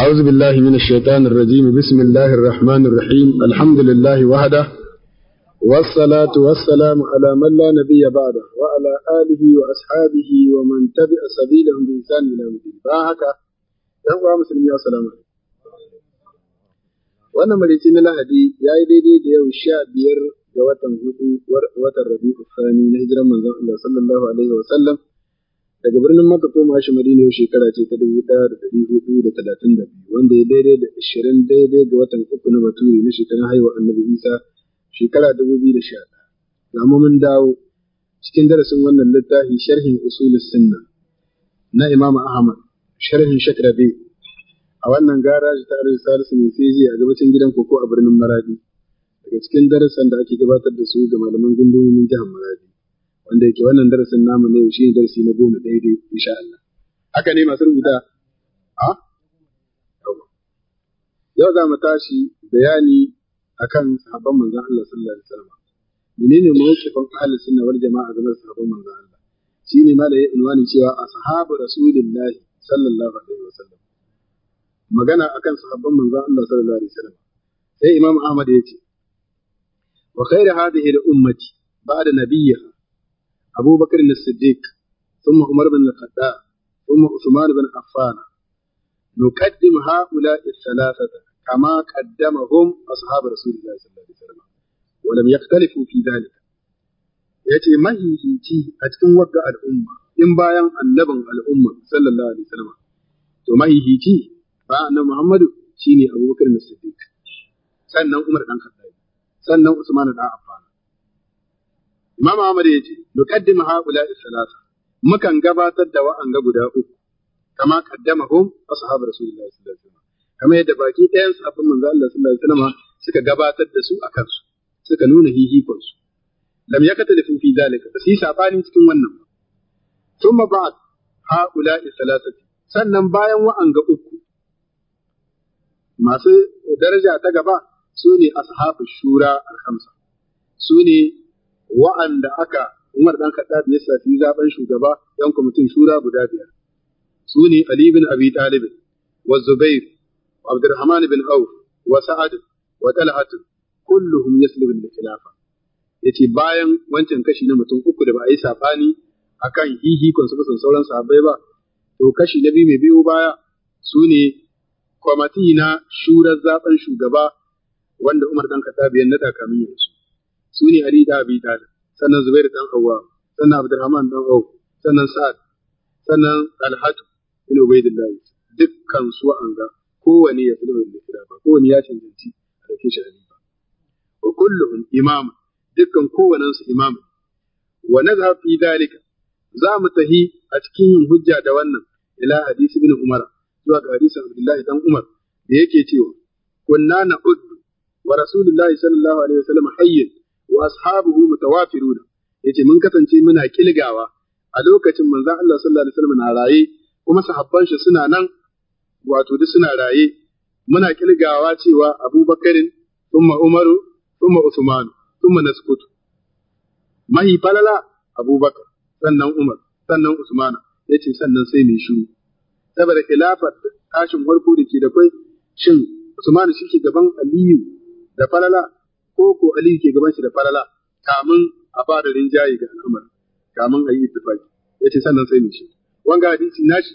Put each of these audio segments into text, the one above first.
أعوذ بالله من الشيطان الرجيم بسم الله الرحمن الرحيم الحمد لله وحده والصلاة والسلام على من لا نبي بعده وعلى آله وأصحابه ومن تبع سبيلهم بإنسان إلى مدين باهك يهوى مسلمي السلام عليكم wannan marici na lahadi ya yi daidai da yau sha biyar ga watan hudu watan rabi'u sani na hijiran manzon Allah sallallahu alaihi wa sallam daga birnin maka koma shi madina yau shekara ce ta dubu ɗaya da ɗari hudu da talatin da biyu wanda ya daidai da ashirin daidai ga watan uku na baturi na shekarun haihuwa annabi isa shekara dubu biyu da sha ɗaya ga mun dawo cikin darasin wannan littafi sharhin usulus sunna na imam ahmad sharhin shakrabi a wannan garaji ta arziki salisu mai sai a gabacin gidan koko a birnin maradi daga cikin darasan da ake gabatar da su ga malaman gundumomin jihar maradi wanda yake wannan darasin namu ne shi ne darasi na goma daidai insha Allah haka ne masu rubuta a yau za mu tashi bayani akan sahabban manzon Allah sallallahu alaihi wasallam menene mawqifin ahli sunna wal jama'a game da sahabban manzon Allah Shi ne ma da ya unwani cewa ashabu rasulillahi sallallahu alaihi wasallam magana akan sahabban manzon Allah sallallahu alaihi wasallam sai imam Ahmad ya ce wa khairu hadhihi al ummati ba'da nabiyyiha أبو بكر الصديق ثم عمر بن الخطاب ثم عثمان بن عفان نقدم هؤلاء الثلاثة كما قدمهم أصحاب رسول الله صلى الله عليه وسلم ولم يختلفوا في ذلك yace mahihici a cikin wagga al'umma in bayan annabin al'umma sallallahu alaihi wasallam to mahihici ba annabi Muhammadu shine Abubakar Bakar Siddiq sannan Umar dan Khattab sannan Usman dan Affan Imam Ahmad ya ce, Nuqaddimu haula salasa mukan gabatar da wa'anga guda uku, kama kaddama qaddamahum ashabu Rasulullahi sallallahu alaihi wasallam. Kama yadda baki ɗayan sahabban manzo Allah sallallahu alaihi wasallam suka gabatar da su a kansu, suka nuna hihikon su. Lam yakatalifu fi zalika, ba su yi sabani cikin wannan ba. Thumma ba'd haula salasati. Sannan bayan wa'anga uku masu daraja ta gaba su ne ashabu shura al-khamsa. Su ne wa'anda aka Umar dan Khattab ya safi zaben shugaba yan kwamitin shura guda biyar su ne Ali bin Abi Talib wa Zubair wa Abdurrahman bin Auf wa Sa'ad wa Talhat kulluhum yaslubu lil khilafa yace bayan wancan kashi na mutum uku da ba a yi sabani akan hihikon su san sauran sahabbai ba to kashi na biyu mai biyu baya su ne kwamati na shurar zaben shugaba wanda Umar dan Khattab ya nada kamin yanzu su ne Ali da Abi Talib sannan Zubair dan Awwa sannan Abdurrahman dan Auf sannan Sa'ad sannan Talhatu bin Ubaidillah dukkan su an ga kowane ya sulhu da kira ba kowane ya cancanci a dake shi Ali ba wa kulluhum imam dukkan kowannen su imam wa nazhab fi dalika za mu tahi a cikin yin hujja da wannan ila hadisi bin Umar zuwa ga hadisin Abdullahi dan Umar da yake cewa kunna na na'ud wa rasulullahi sallallahu alaihi wasallam hayyin wa ashabuhu mutawafiruna yace mun kasance muna kilgawa a lokacin manzon Allah sallallahu alaihi wasallam na raye kuma sahabban shi suna nan wato duk suna raye muna kilgawa cewa Abubakarin thumma Umaru thumma Uthman thumma Nasqutu mahi falala Abubakar sannan Umar sannan Usmana yace sannan sai mai shiru saboda Khilafat kashin farko da ke da kai shin Usman shi ke gaban Aliyu da falala ko ko aliyu ke gaban shi da farala? kamun a ba da rinjaye ga al'amari kamun a yi ittifaki ya ce sannan sai ne wanga hadisi nashi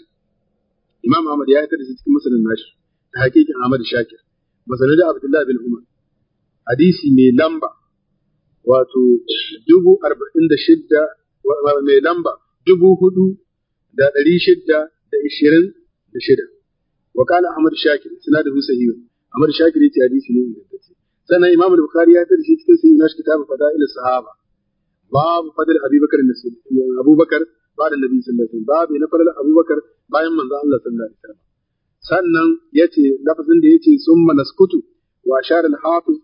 imam ahmad ya aikata da shi cikin musulun nashi da hakikin ahmad shakir Masanin da abdullahi bin umar hadisi mai lamba wato dubu arba'in da shidda mai lamba dubu hudu da ɗari shidda da ishirin da shida wa kala ahmad shakir sinadarin sahihu ahmad shakir ya ce hadisi ne ingantacce sannan imam al-bukhari ya tada shi cikin sayyidina nashi kitabu fada'il sahaba babu fadil abubakar abubakar ba'da nabi sallallahu alaihi wasallam babu na fadil abubakar bayan manzo Allah sallallahu alaihi wasallam sannan yace lafazin da yace summa naskutu wa ashara al-hafiz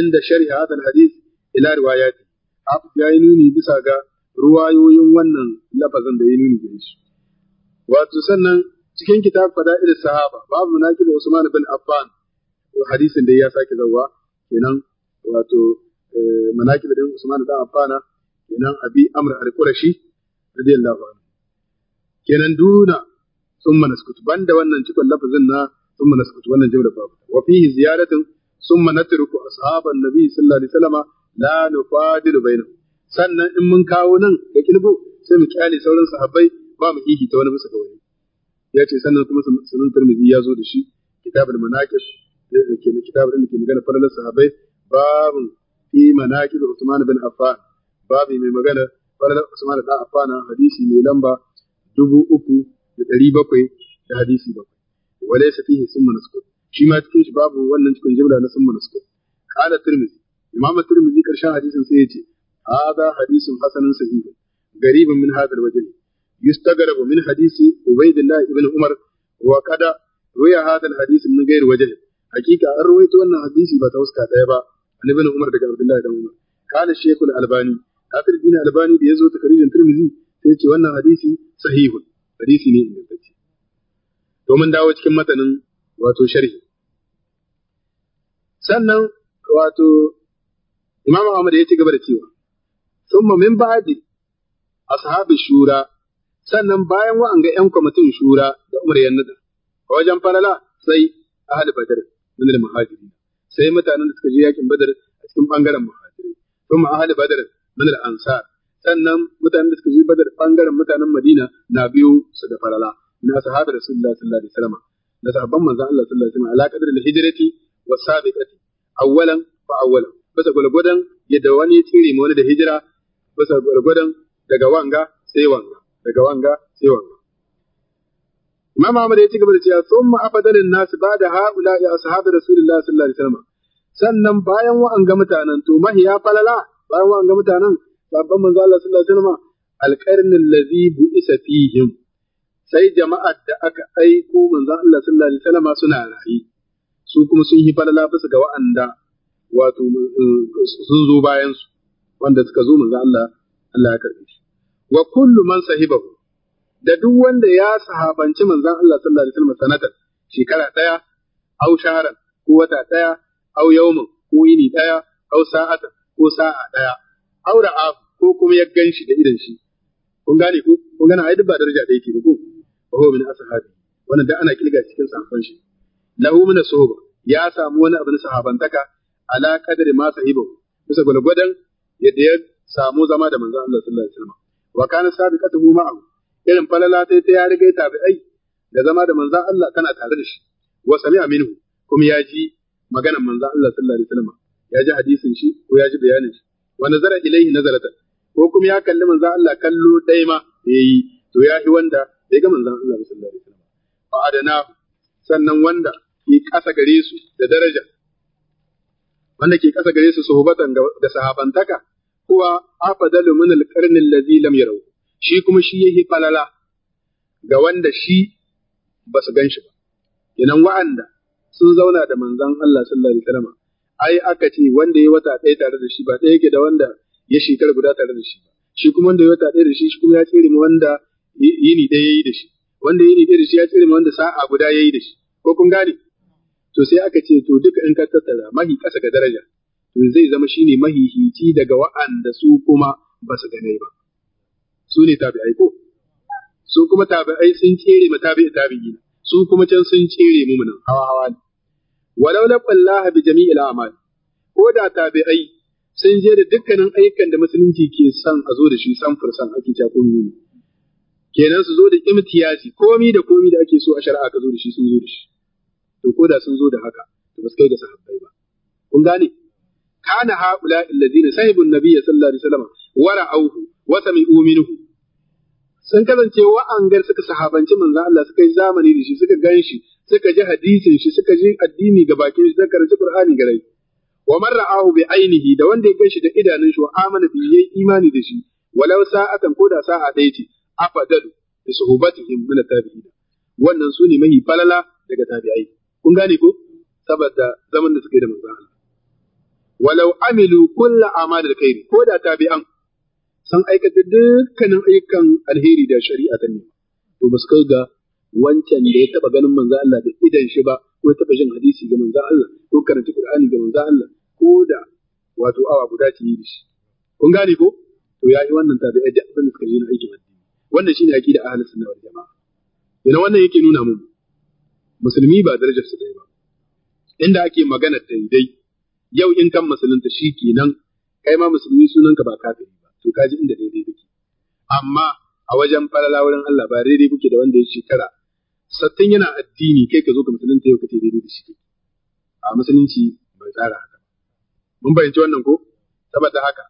inda sharhi hadha al-hadith ila riwayati hafiz ya yi nuni bisa ga ruwayoyin wannan lafazin da ya nuni da shi wato sannan cikin kitab fada'il sahaba babu munaqib Usman bin Affan hadisin da ya sake zawa kenan wato eh, manaqib din Usman da Affana kenan Abi Amr al-Qurashi radiyallahu anhu kenan duna summa naskutu banda wannan cikon lafazin na summa naskutu wannan jumla babu wa fihi ziyaratun summa natruku ashaban nabi sallallahu alaihi wasallam la nufadilu bainahum sannan in mun kawo nan da kilbu sai mu kyale sauran sahabbai ba mu hihi ta wani bisa ga wani ya ce sannan kuma sunan Tirmidhi ya zo da shi kitabul manaqib da ke na kitab da ke magana farallar sahabbai babu fi manaqib Usman bin Affan babu mai magana farallar Usman bin Affan hadisi mai lamba dubu uku da ɗari bakwai da hadisi bakwai walaysa fihi summa nasqut shi ma cikin shi babu wannan cikin jimla na summa nasqut qala tirmidhi imam tirmidhi karshen hadisin sai yace hadha hadisun hasanun sahihun garibun min hadha alwajh يستغرب من حديث عبيد الله بن عمر وقد روي هذا الحديث من غير وجه hakika an rawaito wannan hadisi ba ta huska ɗaya ba an ibn umar daga abdullahi dan umar kana shaykhul albani kafir din albani da yazo ta karijin tirmizi sai ce wannan hadisi sahihun hadisi ne ingantacce to mun dawo cikin matanin wato sharhi sannan wato imam ahmad ya ci gaba da cewa thumma min ba'di ashabi shura sannan bayan wa'anga 'yan kwamitin shura da umar yannada a wajen falala sai ahli badr sai mutanen da suka je yakin badar a cikin bangaren muhajirai kuma ahli badar min al sannan mutanen da suka je badar bangaren mutanen madina na biyu su da farala na sahabar rasulullah sallallahu alaihi wasallam na sahabban manzon Allah sallallahu alaihi wasallam ala qadri al-hijrati wa sabiqati awwalan fa awwalan bisa gwargwadon yadda wani ya cire ma wani da hijira daga wanga Imam Ahmad ya ci gaba da cewa thumma nasu, ba da haula ya ashabi Rasulullahi sallallahu alaihi wasallam. Sannan bayan wa'anga mutanen to mahiya falala bayan wa'anga mutanen babban manzo Allah sallallahu alaihi wasallam alqarnin ladhi bu'isa fihim. Sai jama'ar da aka aiko manzo Allah sallallahu alaihi wasallam suna rayi. Su kuma sun yi falala bisa ga wa'anda wato sun zo bayan su wanda suka zo manzo Allah Allah ya karbe shi. Wa kullu man sahibahu da duk wanda ya sahabanci manzon Allah sallallahu alaihi wasallam sanatan shekara daya au sharan ko wata daya au yawmin ko yini daya au sa'atan ko sa'a daya au ra'a ko kuma ya ganshi da idan shi kun gane ko kun gane ai duk ba daraja da yake ba ko wa huwa min ashabi wannan da ana kilga cikin sahabban shi lahu min asuba ya samu wani abin sahabantaka ala kadri ma sahibu bisa gwargwadon yadda ya samu zama da manzon Allah sallallahu alaihi wasallam wa kana sabiqatuhu ma'ahu irin falala sai ta ya riga tabi'ai da zama da manzan Allah tana tare da shi wa sami Aminu kuma ya ji maganar manzan Allah sallallahu alaihi wasallam ya ji hadisin shi ko ya ji bayanin shi wa nazara ilaihi nazaratan ko kuma ya kalli manzan Allah kallo ɗaya ma yayi to ya yi wanda ya ga manzan Allah sallallahu alaihi wasallam fa adana sannan wanda ke ƙasa gare su da daraja wanda ke ƙasa gare su suhubatan da sahabantaka kuwa afadalu min alqarni allazi lam yarau shi kuma shi yake falala ga wanda shi ba su gan shi ba idan wa'anda sun zauna da manzon Allah sallallahu alaihi wasallam ai aka ce wanda ya wata ɗaya tare da shi ba ɗaya yake da wanda ya shekara guda tare da shi ba shi kuma wanda ya wata ɗaya da shi shi kuma ya tsere ma wanda yini ɗaya yayi da shi wanda yini ɗaya da shi ya tsere ma wanda sa'a guda yayi da shi ko kun gane to sai aka ce to duka in ka tattara mahi ƙasa ga daraja to zai zama shine mahihici daga wa'anda su kuma ba su gane ba su ne tabi'ai ko su kuma tabi'ai sun cere ma tabi'i tabi'i su kuma can sun tsere mu nan hawa hawa ne walau laqallaha bi jami'il a'mal ko da tabi'ai sun je da dukkanin ayyukan da musulunci ke son a zo da shi san fursan ake ta komi ne kenan su zo da imtiyasi komi da komi da ake so a shari'a ka zo da shi sun zo da shi to ko da sun zo da haka to ba su kai ga sahabbai ba kun gane kana haula alladhina sahibun nabiyyi sallallahu alaihi wasallam wara auhu. mai sami'u minhu sun kasance gari suka sahabanci manzan Allah suka yi zamani da shi suka gan shi suka ji hadisin shi suka ji addini ga bakin shi suka karanci Qur'ani ga rai wa man ahu bi ainihi da wanda ya gan shi da idanun shi wa amana bi yayi imani da shi walau sa'atan ko da sa'a ɗaya ce afadalu bi suhubatihim min tabi'in wannan su ne mahi falala daga tabi'ai kun gane ko saboda zaman da suka yi da manzan Allah walau amilu kullu amalil khairi ko da tabi'an sun aikata dukkanin ayyukan alheri da shari'a ta ne to ba su ga wancan da ya taɓa ganin manzo Allah da idan shi ba ko ya taɓa jin hadisi ga manzo Allah ko karanta Qur'ani ga manzo Allah ko da wato awa guda ta yi shi kun gane ko to yi wannan tabi'a da abin da suka yi na aikin addini wannan shine da ahlus sunna wal jamaa yana wannan yake nuna mun musulmi ba darajar su ɗaya ba inda ake magana daidai yau in kan musulunta shi kenan kai ma musulmi sunanka ba kafiri to kaji inda daidai take amma a wajen falala wurin Allah ba daidai kuke da wanda ya shekara sattin yana addini kai ka zo ka musulunta yau kace daidai da shi a musulunci bai tsara haka mun bayyana wannan ko saboda haka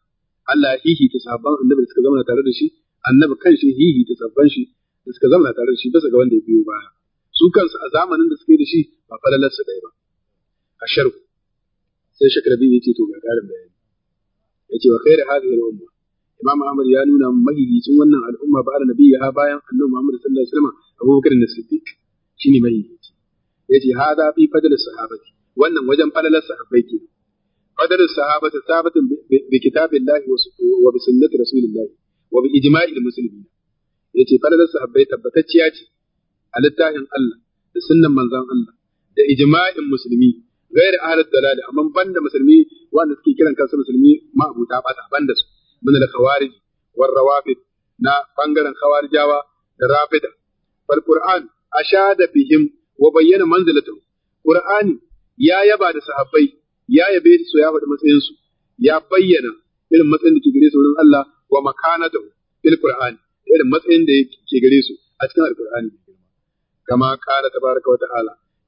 Allah hihi ta sabban annabi da suka zama tare da shi annabi kanshi hihi ta sabban shi da suka zama tare da shi bisa ga wanda ya biyo baya su kansu a zamanin da suke da shi ba falalar su ɗaya ba a sharku sai shakarabi ya ce to gagarin bayani ya ce wa khairu hadhihi al-umma imam ahmad ya nuna mahihicin wannan al'umma ba annabi ya bayan annabi muhammad sallallahu alaihi wasallam abubakar da siddiq shine mahihici yace hada fi fadl sahabati wannan wajen falalar sahabbai ke fadl sahabati sabatin bi kitabillahi wa bi sunnati rasulillahi wa bi ijma'il muslimin yace falalar sahabbai tabbatacciya ce a littafin Allah da sunnan manzon Allah da ijma'in musulmi غير أهل الدلالة أما musulmi, مسلمي suke kiran كلا musulmi مسلمي ما bata تابعة بند سو min al-khawarij war rawafid na bangaren khawarijawa da rafida fal sha da bihim wa bayyana manzilatuhum qur'ani ya yaba da sahabbai ya yabe su ya faɗi matsayin su ya bayyana irin matsayin da ke gare su wurin Allah wa makanatuhum fil qur'ani irin matsayin da ke gare su a cikin alqur'ani tabaraka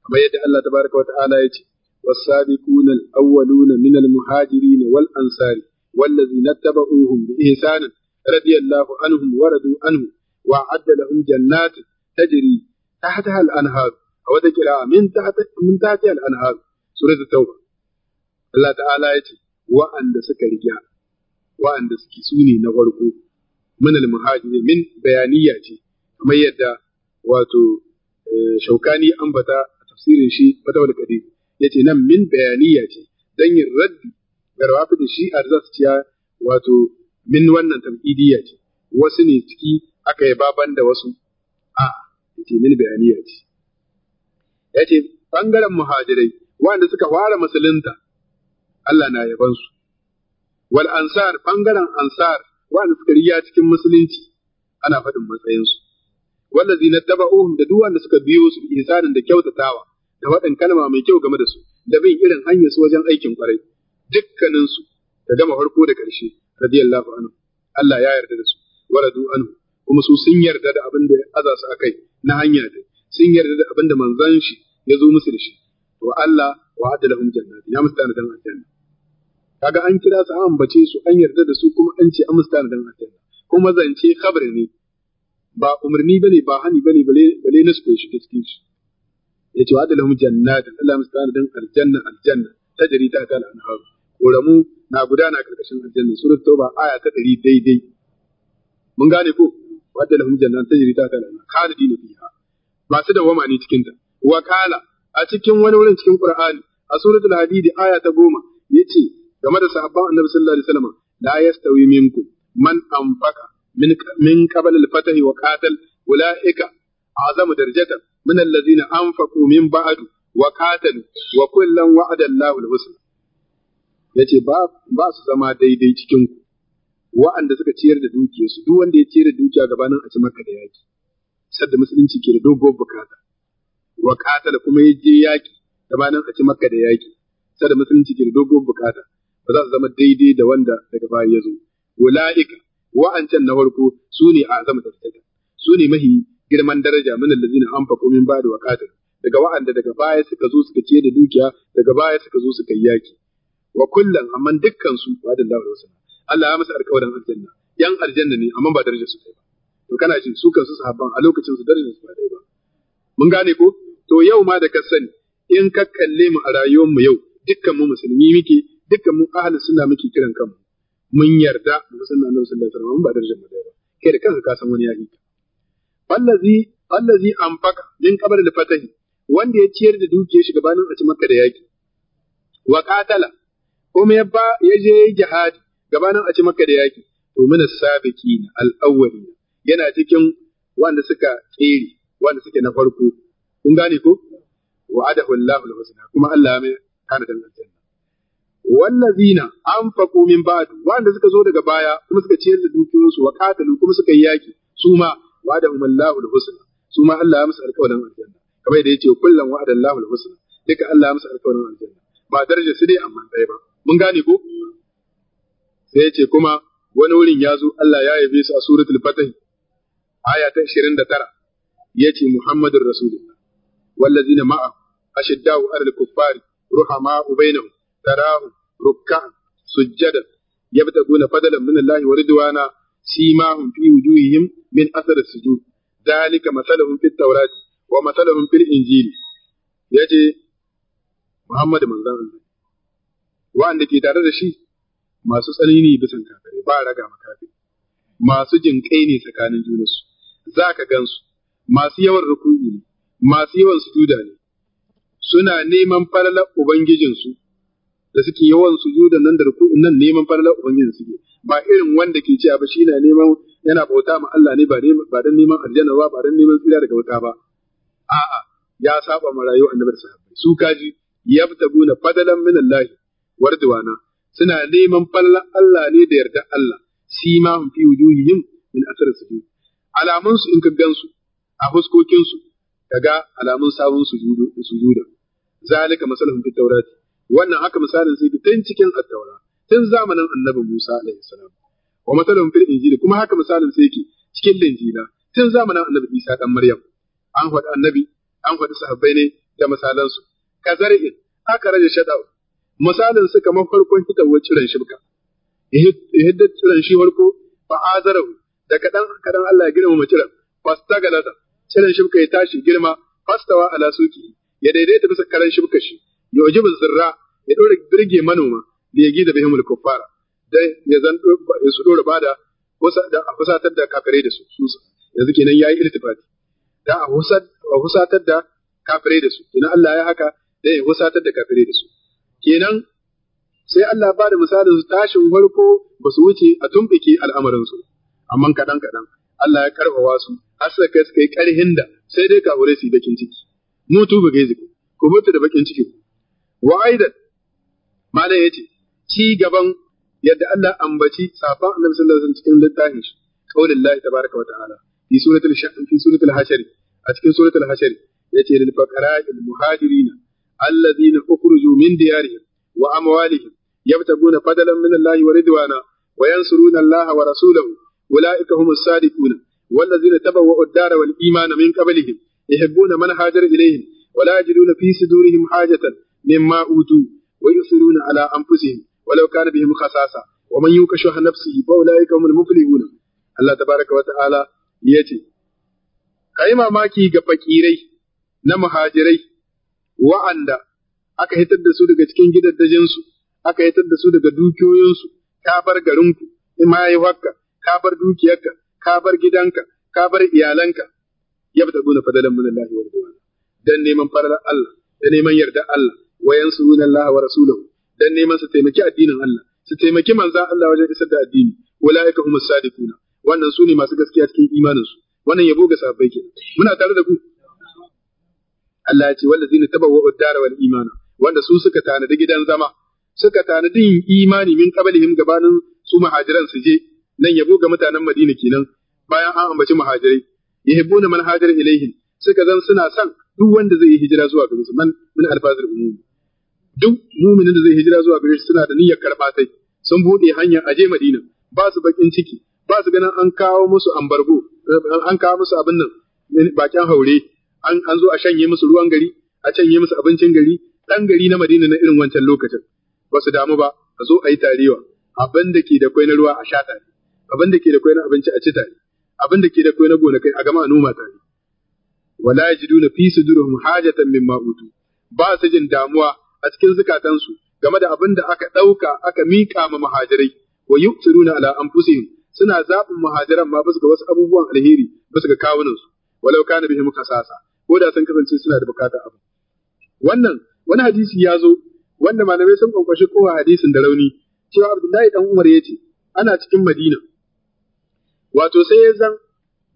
kamar yadda Allah tabaraka ya ce والسابقون الأولون من المهاجرين والأنصار والذين اتبعوهم بإحسان رضي الله عنهم ورضوا عنه وأعد لهم جنات تجري تحتها الأنهار أو تجرى من تحت من تحتها الأنهار سورة التوبة الله تعالى يتي وأن سكرجا وأن سكسوني نغرقو من المهاجرين من بيانياتي كما يدى واتو شوكاني أنبتا تفسير شيء فتوى القدير يتي نم من بيانياتي دني الرد da shi a za ciya wato min wannan tauhidiyya ce wasu ne ciki aka yi baban da wasu a ce min bayaniya ce Ya ce bangaren muhajirai wanda suka fara musulunta Allah na yaban su wal ansar bangaren ansar wanda suka riya cikin musulunci ana faɗin matsayinsu wallazi na taba'uhum da duwanda suka biyo su ihsanin da kyautatawa da waɗin kalma mai kyau game da su da bin irin hanyar su wajen aikin kwarai dukkaninsu ka gama farko da ƙarshe radiyallahu anhu Allah ya yarda da su waradu anhu kuma su sun yarda da abin da aza su akai na hanya da sun yarda da abin da manzon shi ya zo musu da shi to Allah wa'ada lahum jannati ya musu tana dan aljanna kaga an kira su an ambace su an yarda da su kuma an ce an musu tana dan aljanna kuma zance khabar ne ba umarni bane ba hani bane bale bale nasu ko shi cikin shi Ya ce, yace wa'ada lahum jannatin Allah musu tana dan aljanna aljanna tajri ta ta al-anhar koramu na gudana karkashin aljanna surat tauba aya ta ɗari daidai mun gane ko wadda lahum jannan tajri ta kana khalidina fiha masu dawama ne cikin ta wa kala a cikin wani wurin cikin qur'ani a suratul hadid aya ta ya yace game da sahabban annabi sallallahu alaihi wasallam la yastawi minkum man anfaqa min min qabla al-fath wa qatal ulaika azamu darajatan min alladhina anfaqu min ba'du wa qatal wa kullan wa'ada Allahu al-husna ya ce ba su zama daidai cikin ku wa'anda suka ciyar da dukiyarsu duk wanda ya ciyar da dukiya gabanin a ci maka da yaki sadda musulunci ke da dogon bukata wa katala kuma ya je yaki gabanin a ci maka da yaki sadda musulunci ke da dogon bukata ba za su zama daidai da wanda daga baya ya zo wala'ika wa'ancan na farko su ne a azama tartaka su ne mahi girman daraja min allazina anfaqu min ba'da wa daga wa'anda daga baya suka zo suka ciyar da dukiya daga baya suka zo suka yi yaki wa kullum amma dukkan su wa da Allah wasu Allah ya masa alƙawarin aljanna yan aljanna ne amma ba darajar su kai ba to kana jin su kansu sahabban a lokacin su darajar su ba dai ba mun gane ko to yau ma da ka sani in ka kalle mu a rayuwar mu yau dukkan mu musulmi muke dukkan mu ahli sunna muke kiran kanmu mun yarda mu sunna Allah sallallahu alaihi wasallam ba darajar mu dai ba kai da kanka ka san wani yayi wallazi wallazi anfaka min qabl al-fatahi wanda ya ciyar da dukiyar shi gabanin a ci makka da yaki wa qatala kuma ya ba ya je yayi jihad gabanin a ci maka da yaki to min sabiqin na awwalin yana cikin wanda suka tsere wanda suke na farko kun gane ko wa'adahu Allahu al-husna kuma Allah mai kana da aljanna wallazina anfaqu min ba'd wanda suka zo daga baya kuma suka ciyar da su wa qatalu kuma suka yi yaki su ma wa'adahum Allahu al-husna su ma Allah ya musu alƙawarin aljanna kamar yadda yace kullum wa'adallahu al-husna duka Allah ya musu alƙawarin aljanna ba daraja su dai amma dai ba mun gane ko sai ya ce kuma wani wurin ya zo Allah ya yabe su a suratul fatih aya ta 29 yace muhammadur rasulullah wallazina ma'a ashiddau alal kuffari ruhama bainahum tarahum ruk'an sujjadan yabtaguna fadalan min Allah wa ridwana simahum fi wujuhihim min athar as-sujud dhalika mathaluhum fit tawrati wa mathaluhum fil injili yace muhammadu manzon Allah wa'anda ke tare da shi masu tsani ne bisan kafare ba raga makafi masu jinƙai ne tsakanin junansu za ka gansu masu yawan ruku'u ne masu yawan sujuda ne suna neman falalar ubangijinsu da suke yawan sujuda nan da ruku'in nan neman falalar ubangijinsu suke ba irin wanda ke cewa ba shi na neman yana bauta ma Allah ne ba dan neman aljanna ba ba dan neman tsira daga wuta ba a'a ya saba ma rayuwar annabi sahabbai su kaji yabtaguna fadalan minallahi warduwana suna neman fallan Allah ne da yarda Allah ma hum fi wujuhihim min athar sujud alamun su in ka gansu a fuskokin su kaga alamun sabon sujudu sujuda zalika masalahum fit tawrat wannan haka misalin sai tun cikin at-taura tun zamanin annabi Musa alaihi salam wa masalahum fil injili kuma haka misalin sai yake cikin linjila tun zamanin annabi Isa dan Maryam an faɗi annabi an faɗi sahabbai ne da misalansu kazar'in aka rage shada'u misalin su kamar farkon fitawar ciran shibka yadda ciran shi farko fa azarahu da kadan kadan Allah ya girma ga fastagalata ciran shibka ya tashi girma fastawa ala suki ya daidaita bisa karan shibka shi ya ujibu zirra ya dore birge manoma da ya gida bihimul kuffara dai ya zan su dora bada da a fusatar da kafirai da su yanzu kenan yayi iltifati da a husatar da kafirai da su kenan Allah ya haka dai ya husatar da kafirai da su kenan sai Allah ba da misalin su tashin farko ba su wuce a tumbike al'amarinsu, amma kaɗan kaɗan Allah ya karfafa su har suka kai suka yi ƙarhin da sai dai ka kafirai su yi bakin ciki. Mutu ba gai ziki, ku mutu da bakin ciki. Wa aidan, malam ya ce, ci gaban yadda Allah ambaci safa annabi sallallahu alaihi wasallam cikin littafin shi, kaulin Allah tabaraka wa ta'ala, fi suratul fi suratul hashari, a cikin suratul hashari, yace lil faqara al muhajirina الذين أخرجوا من ديارهم وأموالهم يبتغون فضلا من الله ورضوانا وينصرون الله ورسوله أولئك هم الصادقون والذين تبوأوا الدار والإيمان من قبلهم يحبون من هاجر إليهم ولا يجدون في صدورهم حاجة مما أوتوا ويؤثرون على أنفسهم ولو كان بهم خصاصة ومن يوك شح نفسه فأولئك هم المفلحون الله تبارك وتعالى يأتي kai mamaki ga fakirai na muhajirai wa'anda aka hitar da su daga cikin gidaddajensu, aka hitar da su daga dukiyoyinsu, ka bar garinku, imayewarka, ka bar dukiyarka, ka bar gidanka, ka bar iyalanka, ya fi tabbuna fadalan min Allah wa Don Dan neman farar Allah, da neman yarda Allah, wa yansuruna Allah wa rasulahu, dan neman su taimaki addinin Allah, su taimaki manzan Allah wajen isar da addini, kuma Sadi sadiquna. Wannan su ne masu gaskiya cikin imaninsu. Wannan yabo ga sahabbai kenan. Muna tare da ku. Allah ya ce zai tabawwa'u ad-dara wal imana wanda su suka tanadi gidan zama suka tanadi yin imani min qablihim gabanin su muhajiran su je nan yabo ga mutanen Madina kenan bayan an ambaci muhajirai yahibbuna man hajara ilaihim suka zan suna son duk wanda zai yi hijira zuwa gare su man min alfazil umum duk muminin da zai hijira zuwa gare suna da niyyar karɓa sai sun buɗe a je Madina ba su bakin ciki ba su ganin an kawo musu ambargo an kawo musu abin nan bakin haure an zo a shanye musu ruwan gari a canye musu abincin gari ɗan gari na Madina na irin wancan lokacin ba su damu ba a zo a yi tarewa abin da ke da kwai na ruwa a sha tare abin da ke da kwai na abinci a ci tare abin da ke da kwai na gonakai a gama a noma tare wala yajiduna fi sudurihim hajatan mimma utu ba su jin damuwa a cikin zukatansu game da abin da aka ɗauka aka miƙa ma muhajirai wa yuqsiruna ala anfusihim suna zaɓin muhajiran ma bisa ga wasu abubuwan alheri bisa ga kawunansu walau kana bihim kasasa ko da sun kasance suna da bukatar abu wannan wani hadisi ya zo wanda malamai sun kwankwashi kowa hadisin da rauni cewa Abdullahi dan Umar ya ce ana cikin Madina wato sai ya zan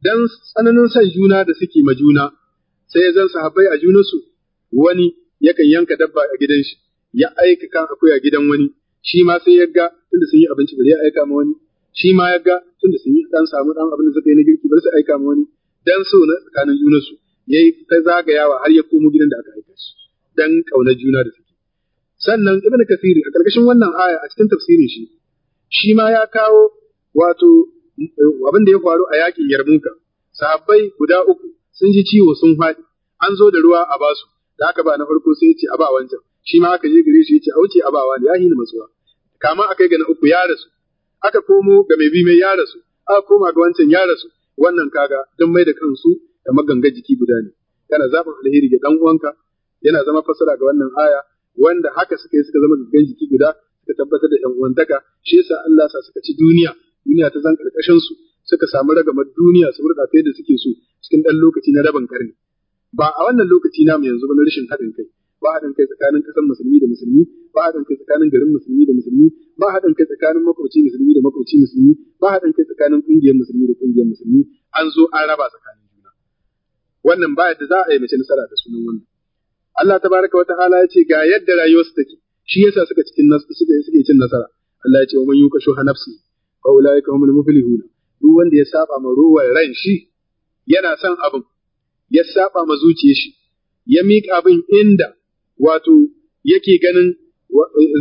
dan tsananin san juna da suke ma juna sai ya zan sahabbai a junansu wani yakan yanka dabba a gidan shi ya aika kan akwai a gidan wani shi ma sai ya ga tunda sun yi abinci bari ya aika ma wani shi ma ya ga tunda sun yi dan samu dan abin da suka yi na girki bari su aika ma wani dan so na tsakanin junansu ya yi ta zagayawa har ya komo gidan da aka aika shi dan kauna juna da suke sannan ibn kasiri a karkashin wannan aya a cikin tafsirin shi shi ma ya kawo wato eh, abin da ya faru a yakin yarmuka sahabbai guda uku sun ji ciwo sun faɗi an zo da ruwa a basu da aka ba na farko sai ya ce a ba wancan shi ma aka je gare shi ya ce a wuce a ba wani ya ni matsuwa kama aka yi ga na uku ya rasu aka komo ga mai bi mai ya rasu aka koma ga wancan ya rasu wannan kaga don mai da kansu da maganga jiki guda ne kana zaɓin alheri ga dan uwanka yana zama fassara ga wannan aya wanda haka suka yi suka zama gangan jiki guda suka tabbatar da yan uwantaka shi yasa Allah sa suka ci duniya duniya ta zan ƙarƙashin su suka samu ragamar duniya su murɗa ta yadda suke so cikin ɗan lokaci na rabin karni ba a wannan lokaci mu yanzu ba na rashin haɗin kai ba haɗin kai tsakanin ƙasar musulmi da musulmi ba haɗin kai tsakanin garin musulmi da musulmi ba haɗin kai tsakanin makwabci musulmi da makwabci musulmi ba haɗin kai tsakanin ƙungiyar musulmi da ƙungiyar musulmi an zo an raba tsakanin wannan ba yadda za a yi mace nasara da sunan wannan Allah ta baraka wata hala ya ce ga yadda rayuwarsu take shi yasa suka cikin suke suke cin nasara Allah ya ce wa man yuka shuha nafsi fa ulaika humul muflihun duk wanda ya saba ma ruwan ran shi yana son abin ya saba ma zuciyar shi ya miƙa abin inda wato yake ganin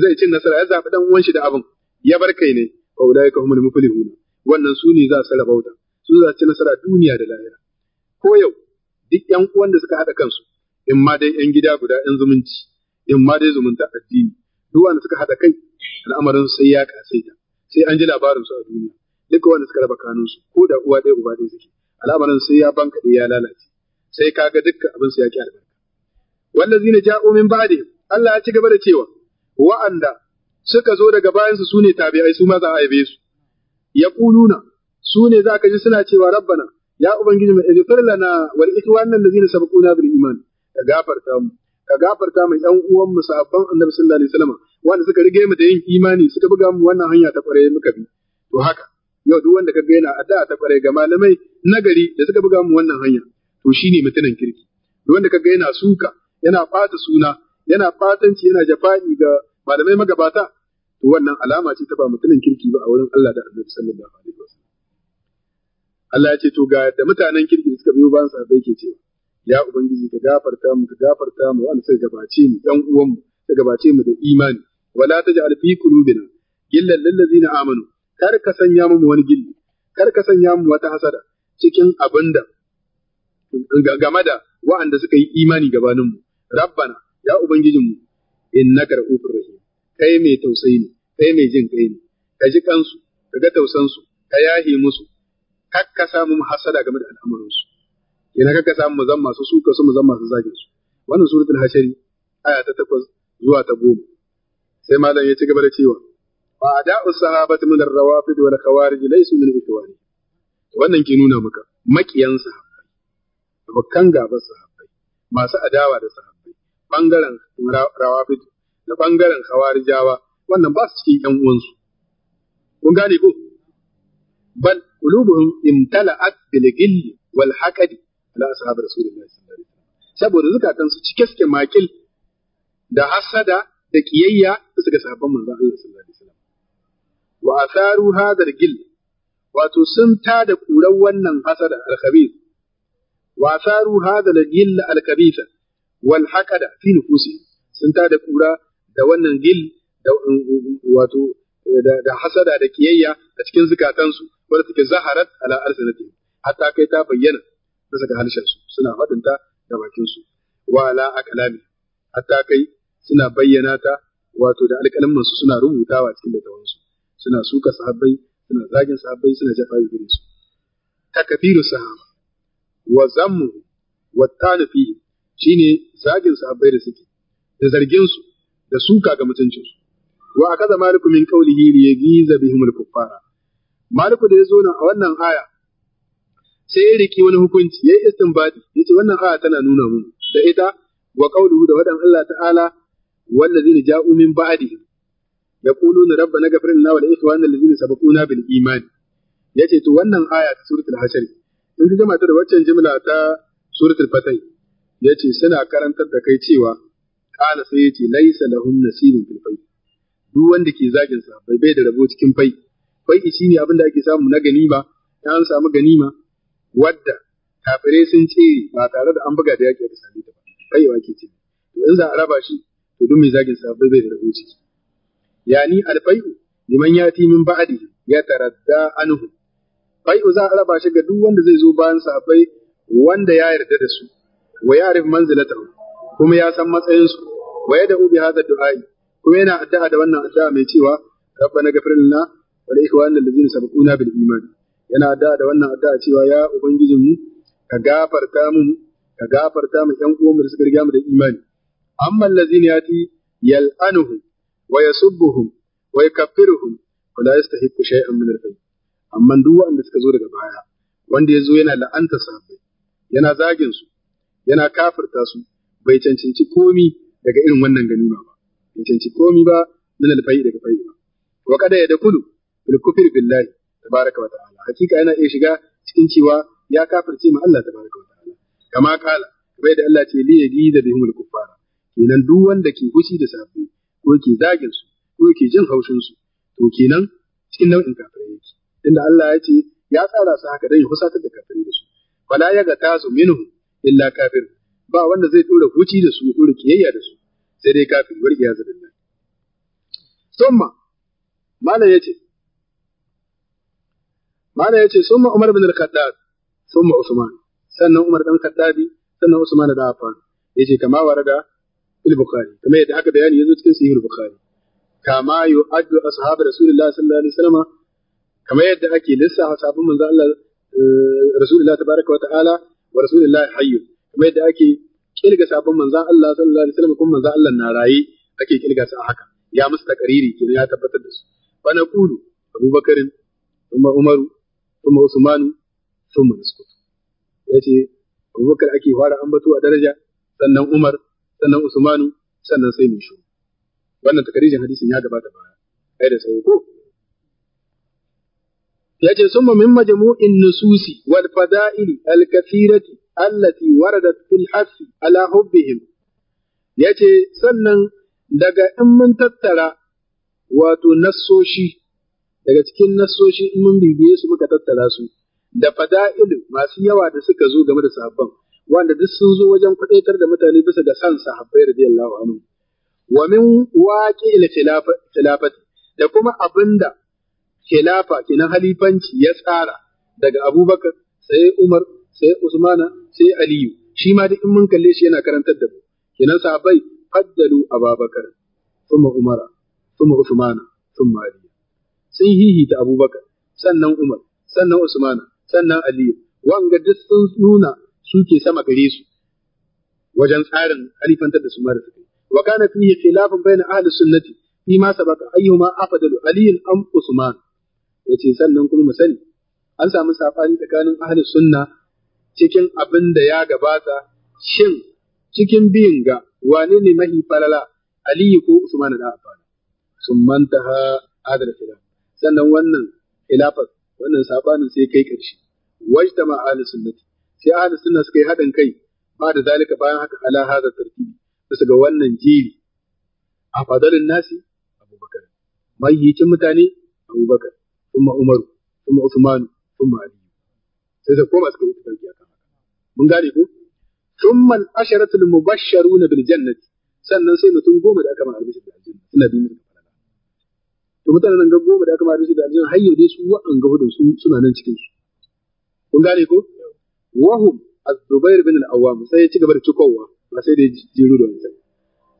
zai cin nasara ya zaɓi ɗan uwanshi da abin ya bar kai ne fa ulaika humul muflihun wannan su ne za su rabauta su za su ci nasara duniya da lahira ko yau duk ‘yan uwan da suka haɗa kansu, in ma dai ‘yan gida guda ‘yan zumunci, in ma dai zumunta addini, duk wanda suka haɗa kai al'amarin sai ya kasaita, sai an ji labarinsu a duniya, Duk wanda suka raba kanunsu, ko da uwa ɗaya uba ɗaya suke, al'amarin sai ya banka ya lalace, sai kaga dukkan abin su ya ƙi albarka. zina ja'u min bade, Allah ya ci gaba da cewa wa'anda suka zo daga bayansu su ne tabi'ai su ma za a yabe su. Ya ƙuluna, su ne za ka ji suna cewa rabbana, ya ubangiji mai ighfir lana wal zina sabu sabaquna bil iman ka gafarta mu ka gafarta mu ɗan uwan mu sahabban annabi sallallahu alaihi wasallam wanda suka rige mu da yin imani suka buga mu wannan hanya ta kware muka bi to haka yau duk wanda ka ga yana addu'a ta kware ga malamai nagari da suka buga mu wannan hanya to shine mutunan kirki duk wanda ka ga yana suka yana fata suna yana fatanci yana jafa'i ga malamai magabata to wannan alama ce ta ba mutunan kirki ba a wurin Allah da Annabi sallallahu alaihi wasallam Allah ya ce to ga da mutanen kirki suka biyo bayan sahabbai ke cewa ya ubangiji ka gafarta mu ka gafarta mu wanda sai gabace mu dan uwan mu suka gabace mu da imani wala taj'al fi qulubina lil ladzina amanu kar ka sanya mu wani gilli kar ka sanya mu wata hasada cikin abinda game da wa'anda suka yi imani gabanin mu rabbana ya ubangijinmu innaka ra'ufur rahim kai mai tausayi ne kai mai jin kai ne ka ji kansu ka ga tausansu ka yahi musu kakka samu hasada game da al'amuransu ina kakka samu mu zan masu suka su mu zan masu zage su wannan suratul hashari aya ta takwas zuwa ta goma sai malam ya ci gaba da cewa fa da'u sahabati min ar-rawafid wal khawarij laysu min ikhwani wannan ke nuna maka makiyan sahabbai abokan gaban sahabbai masu adawa da sahabbai bangaren rawafid da bangaren khawarijawa wannan ba su cikin yan uwansu kun gane ko bal qulubuhum imtala'at bil gilli wal haqadi ala ashab rasulullahi sallallahu alaihi wasallam saboda zukatan cike suke makil da hasada da kiyayya su ga sahabban manzon Allah sallallahu alaihi wasallam wa gill wato sun tada kuran wannan hasada al khabith wa atharu hadal gill al kabitha sun tada kura da wannan da hasada da kiyayya a cikin zukatansu wadda take zaharat ala alsanatihim hatta kai ta bayyana bisa ga harshen su suna fadinta da bakin su wa ala akalami hatta kai suna bayyana ta wato da alƙalamin su suna rubutawa cikin littafin su suna suka sahabbai suna zagin sahabbai suna jafa jafa'i gare su takfiru sahaba wa zammu wa tanfi shine zagin sahabbai da suke da zargin su da suka ga mutuncin su wa akaza malikum min qawlihi li yagiza bihim al-kuffara maliku da ya zo nan a wannan aya sai ya riki wani hukunci ya yi istinbadi ya ce wannan aya tana nuna mu da ita wa qauluhu da wadan Allah ta'ala wallazina ja'u min ba'di yaquluna rabbana ghfir lana wa li ikhwanina allazina sabaquna bil iman yace to wannan aya ta suratul hashr in ka jama'a da waccan jimla ta suratul fatay yace suna karantar da kai cewa qala sai yace laysa lahum nasibun fil fay duk wanda ke zagin sa bai bai da rabo cikin fai bai'i ne abin da ake samu na ganima ya an samu ganima wadda kafirai sun ce ba tare da an buga da yaki da sami ta ba wa ke ce to in za a raba shi to duk mai zagin sabai bai da rabo ciki yani alfai'u. liman yati min ba'di ya taradda anhu Fai'u za a raba shi ga duk wanda zai zo bayan sabai wanda ya yarda da su wa ya'rif manzilatahu kuma ya san matsayin su wa yad'u bi hadha du'ai kuma yana addu'a da wannan addu'a mai cewa rabbana ghafir lana wa ikhwana allazina sabaquna bil iman yana da da wannan addu'a cewa ya ubangijin mu ka gafarta mu ka gafarta mu ɗan uwan mu da suka riga mu da imani amma allazina yati yal'anuhum wa yasubbuhum wa yakaffiruhum wala yastahiqu shay'an min al-fayl amma duk wanda suka zo daga baya wanda ya zo yana la'anta sahabbai yana zagin su yana kafirta su bai cancanci komi daga irin wannan ganima ba bai cancanci komi ba min al-fayl daga fayl ba wa kada ya dakulu bilkufir billahi tabaraka wa ta'ala hakika yana iya shiga cikin cewa ya kafirce ma Allah tabaraka wa ta'ala kama kala bai da Allah ce li da bihumul kuffara kenan duk wanda ke gushi da safe ko ke zagin su ko ke jin haushin su to kenan cikin nau'in kafirai yake inda Allah ya ce ya tsara su haka dan ya husatar da kafirai da su ya ga tasu minhu illa kafir ba wanda zai dora huci da su ya dora kiyayya da su sai dai kafir warki ya zalunta thumma malam yace mala yace summa umar bin al-khattab summa usman sannan umar dan khattabi sannan usman da Ya ce, kama warada al-bukhari Kama yadda aka bayani yazo cikin sahih al-bukhari kama yu'addu ashab rasulullahi sallallahu alaihi wasallam Kama yadda ake lissafa sabon manzo Allah eh, rasulullahi tabaraka wa ta'ala wa rasulullahi hayyu kamar yadda ake kirga sabon manzo Allah sallallahu alaihi wasallam kuma manzo Allah na raye ake kirga su a haka ya musu takariri kenan ya tabbatar da su fa naqulu abubakarin umma umaru ثم عثمان ثم نسكت yace Abubakar ake fara ambato a daraja sannan Umar sannan Usmanu sannan sai mu shi wannan takarijin hadisin ya gabata baya ai da sau ko yace summa min majmu'in nususi wal fada'ili al kathirati allati waradat fil hassi yace sannan daga in mun tattara wato nassoshi daga cikin nassoshi in mun bibiye su muka tattara su da fada'il masu yawa da suka zo game da sahabban wanda duk sun zo wajen kwadaitar da mutane bisa ga san sahabbai radiyallahu anhu wa min waqi'il khilafati da kuma abinda khilafa kinan halifanci ya tsara daga Abubakar sai Umar sai Usmana sai Aliyu shi ma duk in mun kalle shi yana karantar da mu kenan sahabbai faddalu Abubakar thumma Umara thumma Usmana thumma Ali sun hihita abubakar sannan umar sannan usmana sannan aliyu wanga duk sun nuna suke sama gare su wajen tsarin halifantar da su mara suka wa kana fihi khilafun bayna ahli sunnati fi ma sabaqa ayyuma afdalu aliyu, am usman yace sannan kuma sani an sami safari tsakanin ahli sunna cikin abin da ya gabata shin cikin biyun ga wane ne mahi falala aliyu ko usman da afan sun mantaha adal khilaf sannan wannan khilafat wannan sabanin sai kai ƙarshe wajtama ahlus sunnati sai ahlus sunna suka yi haɗin kai ba da zalika bayan haka ala hadha tartibi bisa ga wannan jiri a fadalin nasi abubakar mayyicin mutane abubakar kuma umaru kuma usmanu kuma ali sai da koma suka yi tafiya akan haka mun gane ko thumma al-asharatul mubashsharuna bil jannati sannan sai mutum goma da aka ma albishir da aljanna suna bi to mutanen nan goma da aka mara su da aljihun har yau dai su wa'an ga hudun suna nan cikin su kun gane ko wahum az-zubair bin al-awwam sai ya ci gaba da cikowa ba sai da jiru da wancan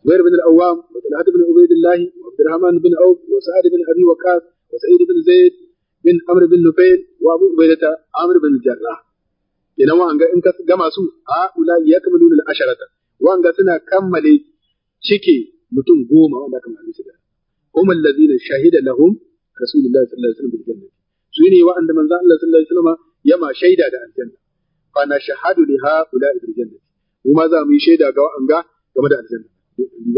zubair bin al-awwam wa talhat bin ubaidillah wa abdurrahman bin auf wa sa'ad bin abi waqas wa sa'id bin zaid bin amr bin nufail wa abu ubaidata amr bin jarrah idan wa'an ga in ka gama su a ula yakmaluna al-asharata wa'an ga suna kammale cike mutum goma wanda aka mara su da hum alladhina shahida lahum rasulullahi sallallahu alaihi wasallam bil jannah su ne wa'anda manzo Allah sallallahu alaihi yama shaida da aljanna fa na shahadu li haula bil jannah mu ma za mu yi shaida ga wa'anga game da aljanna mu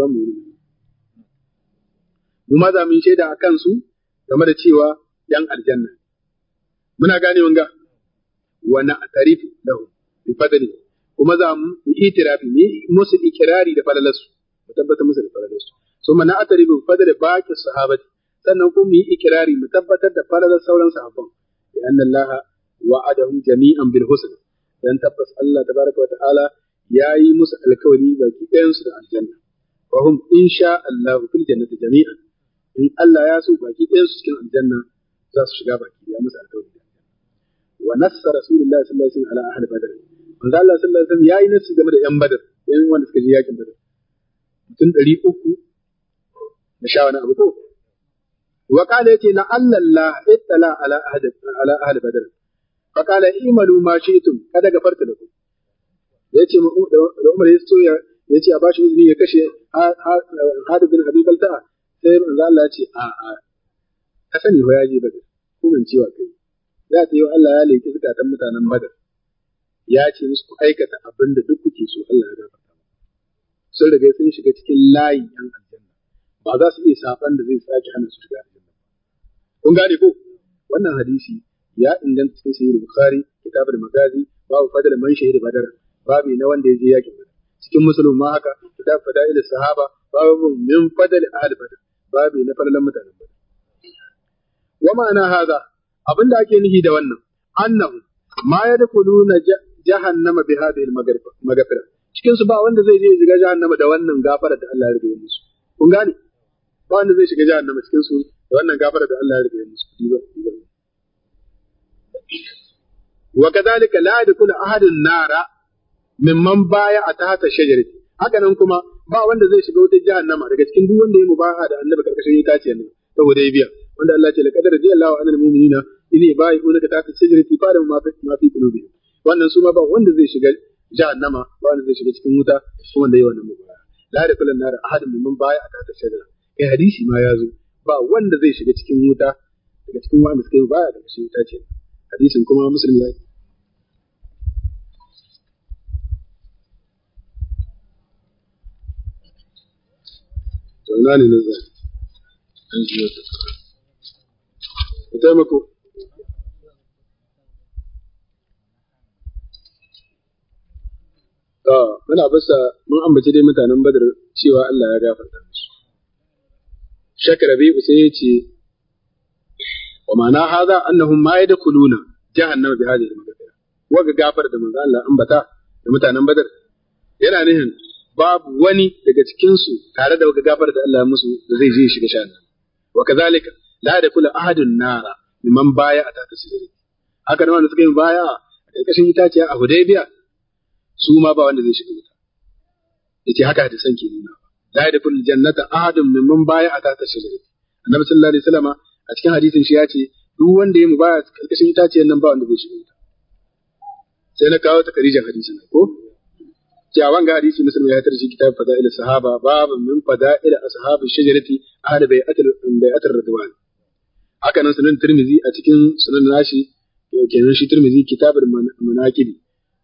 ma za mu yi shaida a kansu game da cewa yan aljanna muna gane wanga wa na tarifu lahu bi kuma za mu musu da musu ثم نعتري بفضل باقي الصحابة sannan kuma mu yi ikirari mu tabbatar da farar sauran sahabban bi anna Allah wa'adahum jami'an bil husn dan tabbas Allah tabaraka wa ta'ala yayi musu alkawari baki ɗayan da aljanna wa hum insha Allah fil jannati jami'an in Allah ya so baki ɗayan cikin aljanna za su shiga baki ya musu alkawari wa nassa rasulullahi sallallahu alaihi ala ahli badr manzo Allah sallallahu nasu game da badar yan wanda suka mutum na sha wani abu ko wa qala yace la allah ittala ala ahad ala ahad badr fa qala imalu ma shi'tum kada gafarta lakum yace da umar ya so ya yace a bashi izini ya kashe hadu bin abi balta'a sai manzo allah ya ce a a ka sani ba yaje badr ko ban ciwa kai za ta yi Allah ya leke zukatan mutanen badar ya ce musu ku aikata abin da duk kuke so Allah ya gafarta sun riga sun shiga cikin layi ɗan aljanna ba za su iya safan da zai sake hana su shiga aljanna kun gane ko wannan hadisi ya inganta cikin sahih bukhari da magazi babu fadl man shahid badar babu na wanda ya je yakin badar cikin musulun ma haka kitab fada'il sahaba babu min fadl ahad badar babu na fadlan mutanen badar wa ma'ana hada abinda ake nihi da wannan annahu ma yadkhuluna jahannama bi hadhihi al-maghfira cikin su ba wanda zai je ya shiga jahannama da wannan gafara da Allah ya rige musu kun gane ba wanda zai shiga jahannama cikin su da wannan gafara da Allah ya riga ya musu kudi ba wa kadhalika la yadkhulu ahadun nara mimman baya a tahta shajarati haka nan kuma ba wanda zai shiga wutar jahannama daga cikin duk wanda ya mubaha da annabi karkashin itaciyar nan saboda ya biya wanda Allah ce laqad radiyallahu anil mu'minina idh yubayi'una ka tahta shajarati fa da ma fi qulubihim wannan su ma ba wanda zai shiga jahannama ba wanda zai shiga cikin wuta ko wanda ya wannan mubaha la yadkhulu an-nar ahadun mimman baya a tahta shajarati ya hadisi ma ya zo ba wanda zai shiga cikin wuta daga cikin wanda suka yi baya daga wasu wuta ce hadisin kuma musulmi ya yi. ina ne na zai an ji wata ku taimako ah, muna basa mun ambaci dai mutanen badar cewa Allah ya gafarta Shakar rabi'u sai ya ce wa ma'ana hadha annahum ma yadkhuluna jahannama bi hadhihi al-maghfira wa ga gafar da manzo Allah ambata da mutanen badar yana nihin babu wani daga cikin su tare da ga gafar da Allah musu da zai je shiga sha'anin wa kazalika la yadkhulu ahadun nara liman baya a ta tasiri haka da wanda suka yi baya a ƙarƙashin itaciya a Hudaybiya su ma ba wanda zai shiga wuta yace haka san ke nuna ba la yadkhulul jannata ahadun mimman baya ata tashjara annabi sallallahu alaihi wasallam a cikin hadisin shi ya ce duk wanda ya mubaya karkashin itaciyar nan ba wanda zai shiga sai na kawo takarijin hadisin ko cewa ga hadisi musulmi ya tarshi kitab fada'il sahaba babun min fada'il ashabi shajarati haka nan sunan Turmizi a cikin sunan nashi eh, kenan shi Turmizi, kitabul manaqibi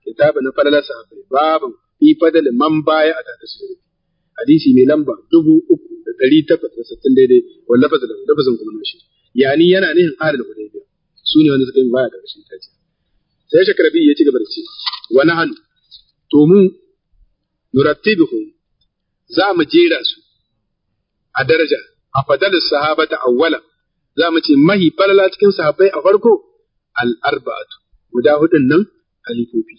kitab na falala sahabbai babun fi fadal man baya a tata shajarati hadisi ne lamba dubu uku da ɗari takwas da sittin daidai wanda fasa da lafazin kuma nashi yani yana nihin adal hudaybiya su ne wanda suka yi baya da rashin taji sai biyu ya ci gaba da cewa Wani hannu. to mu nurattibuhum za mu jera su a daraja a fadal ta awwala za mu ce mahi falala cikin sahabbai a farko al arba'atu guda hudun nan alifofi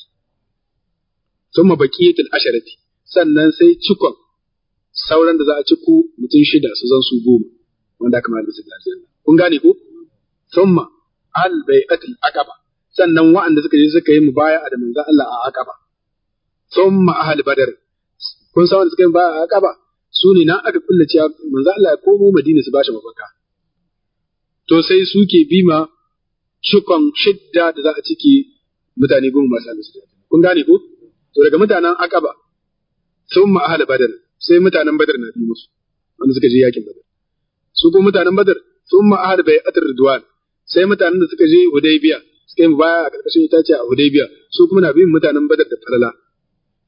thumma baqiyatul asharati sannan sai cikon sauran da za a ci ku mutum shida su zan su goma wanda aka mara bisa aljanna kun gane ko thumma al bai'atul aqaba sannan wa'anda suka je suka yi mu baya a da manzon Allah a aqaba thumma ahal badar kun san wanda suka yi baya a aqaba su ne na aka kulla cewa manzon Allah ya komo Madina su bashi mafaka to sai su ke bima cikon shidda da za a ciki mutane goma masu aljanna kun gane ko to daga mutanen aqaba thumma ahal badar sai mutanen badar na bi musu wanda suka je yakin badar su kuma mutanen badar sun ma'ahar bai atar ridwan sai mutanen da suka je hudaybiya suka yi baya a ƙarƙashin itace a hudaybiya su kuma na bin mutanen badar da falala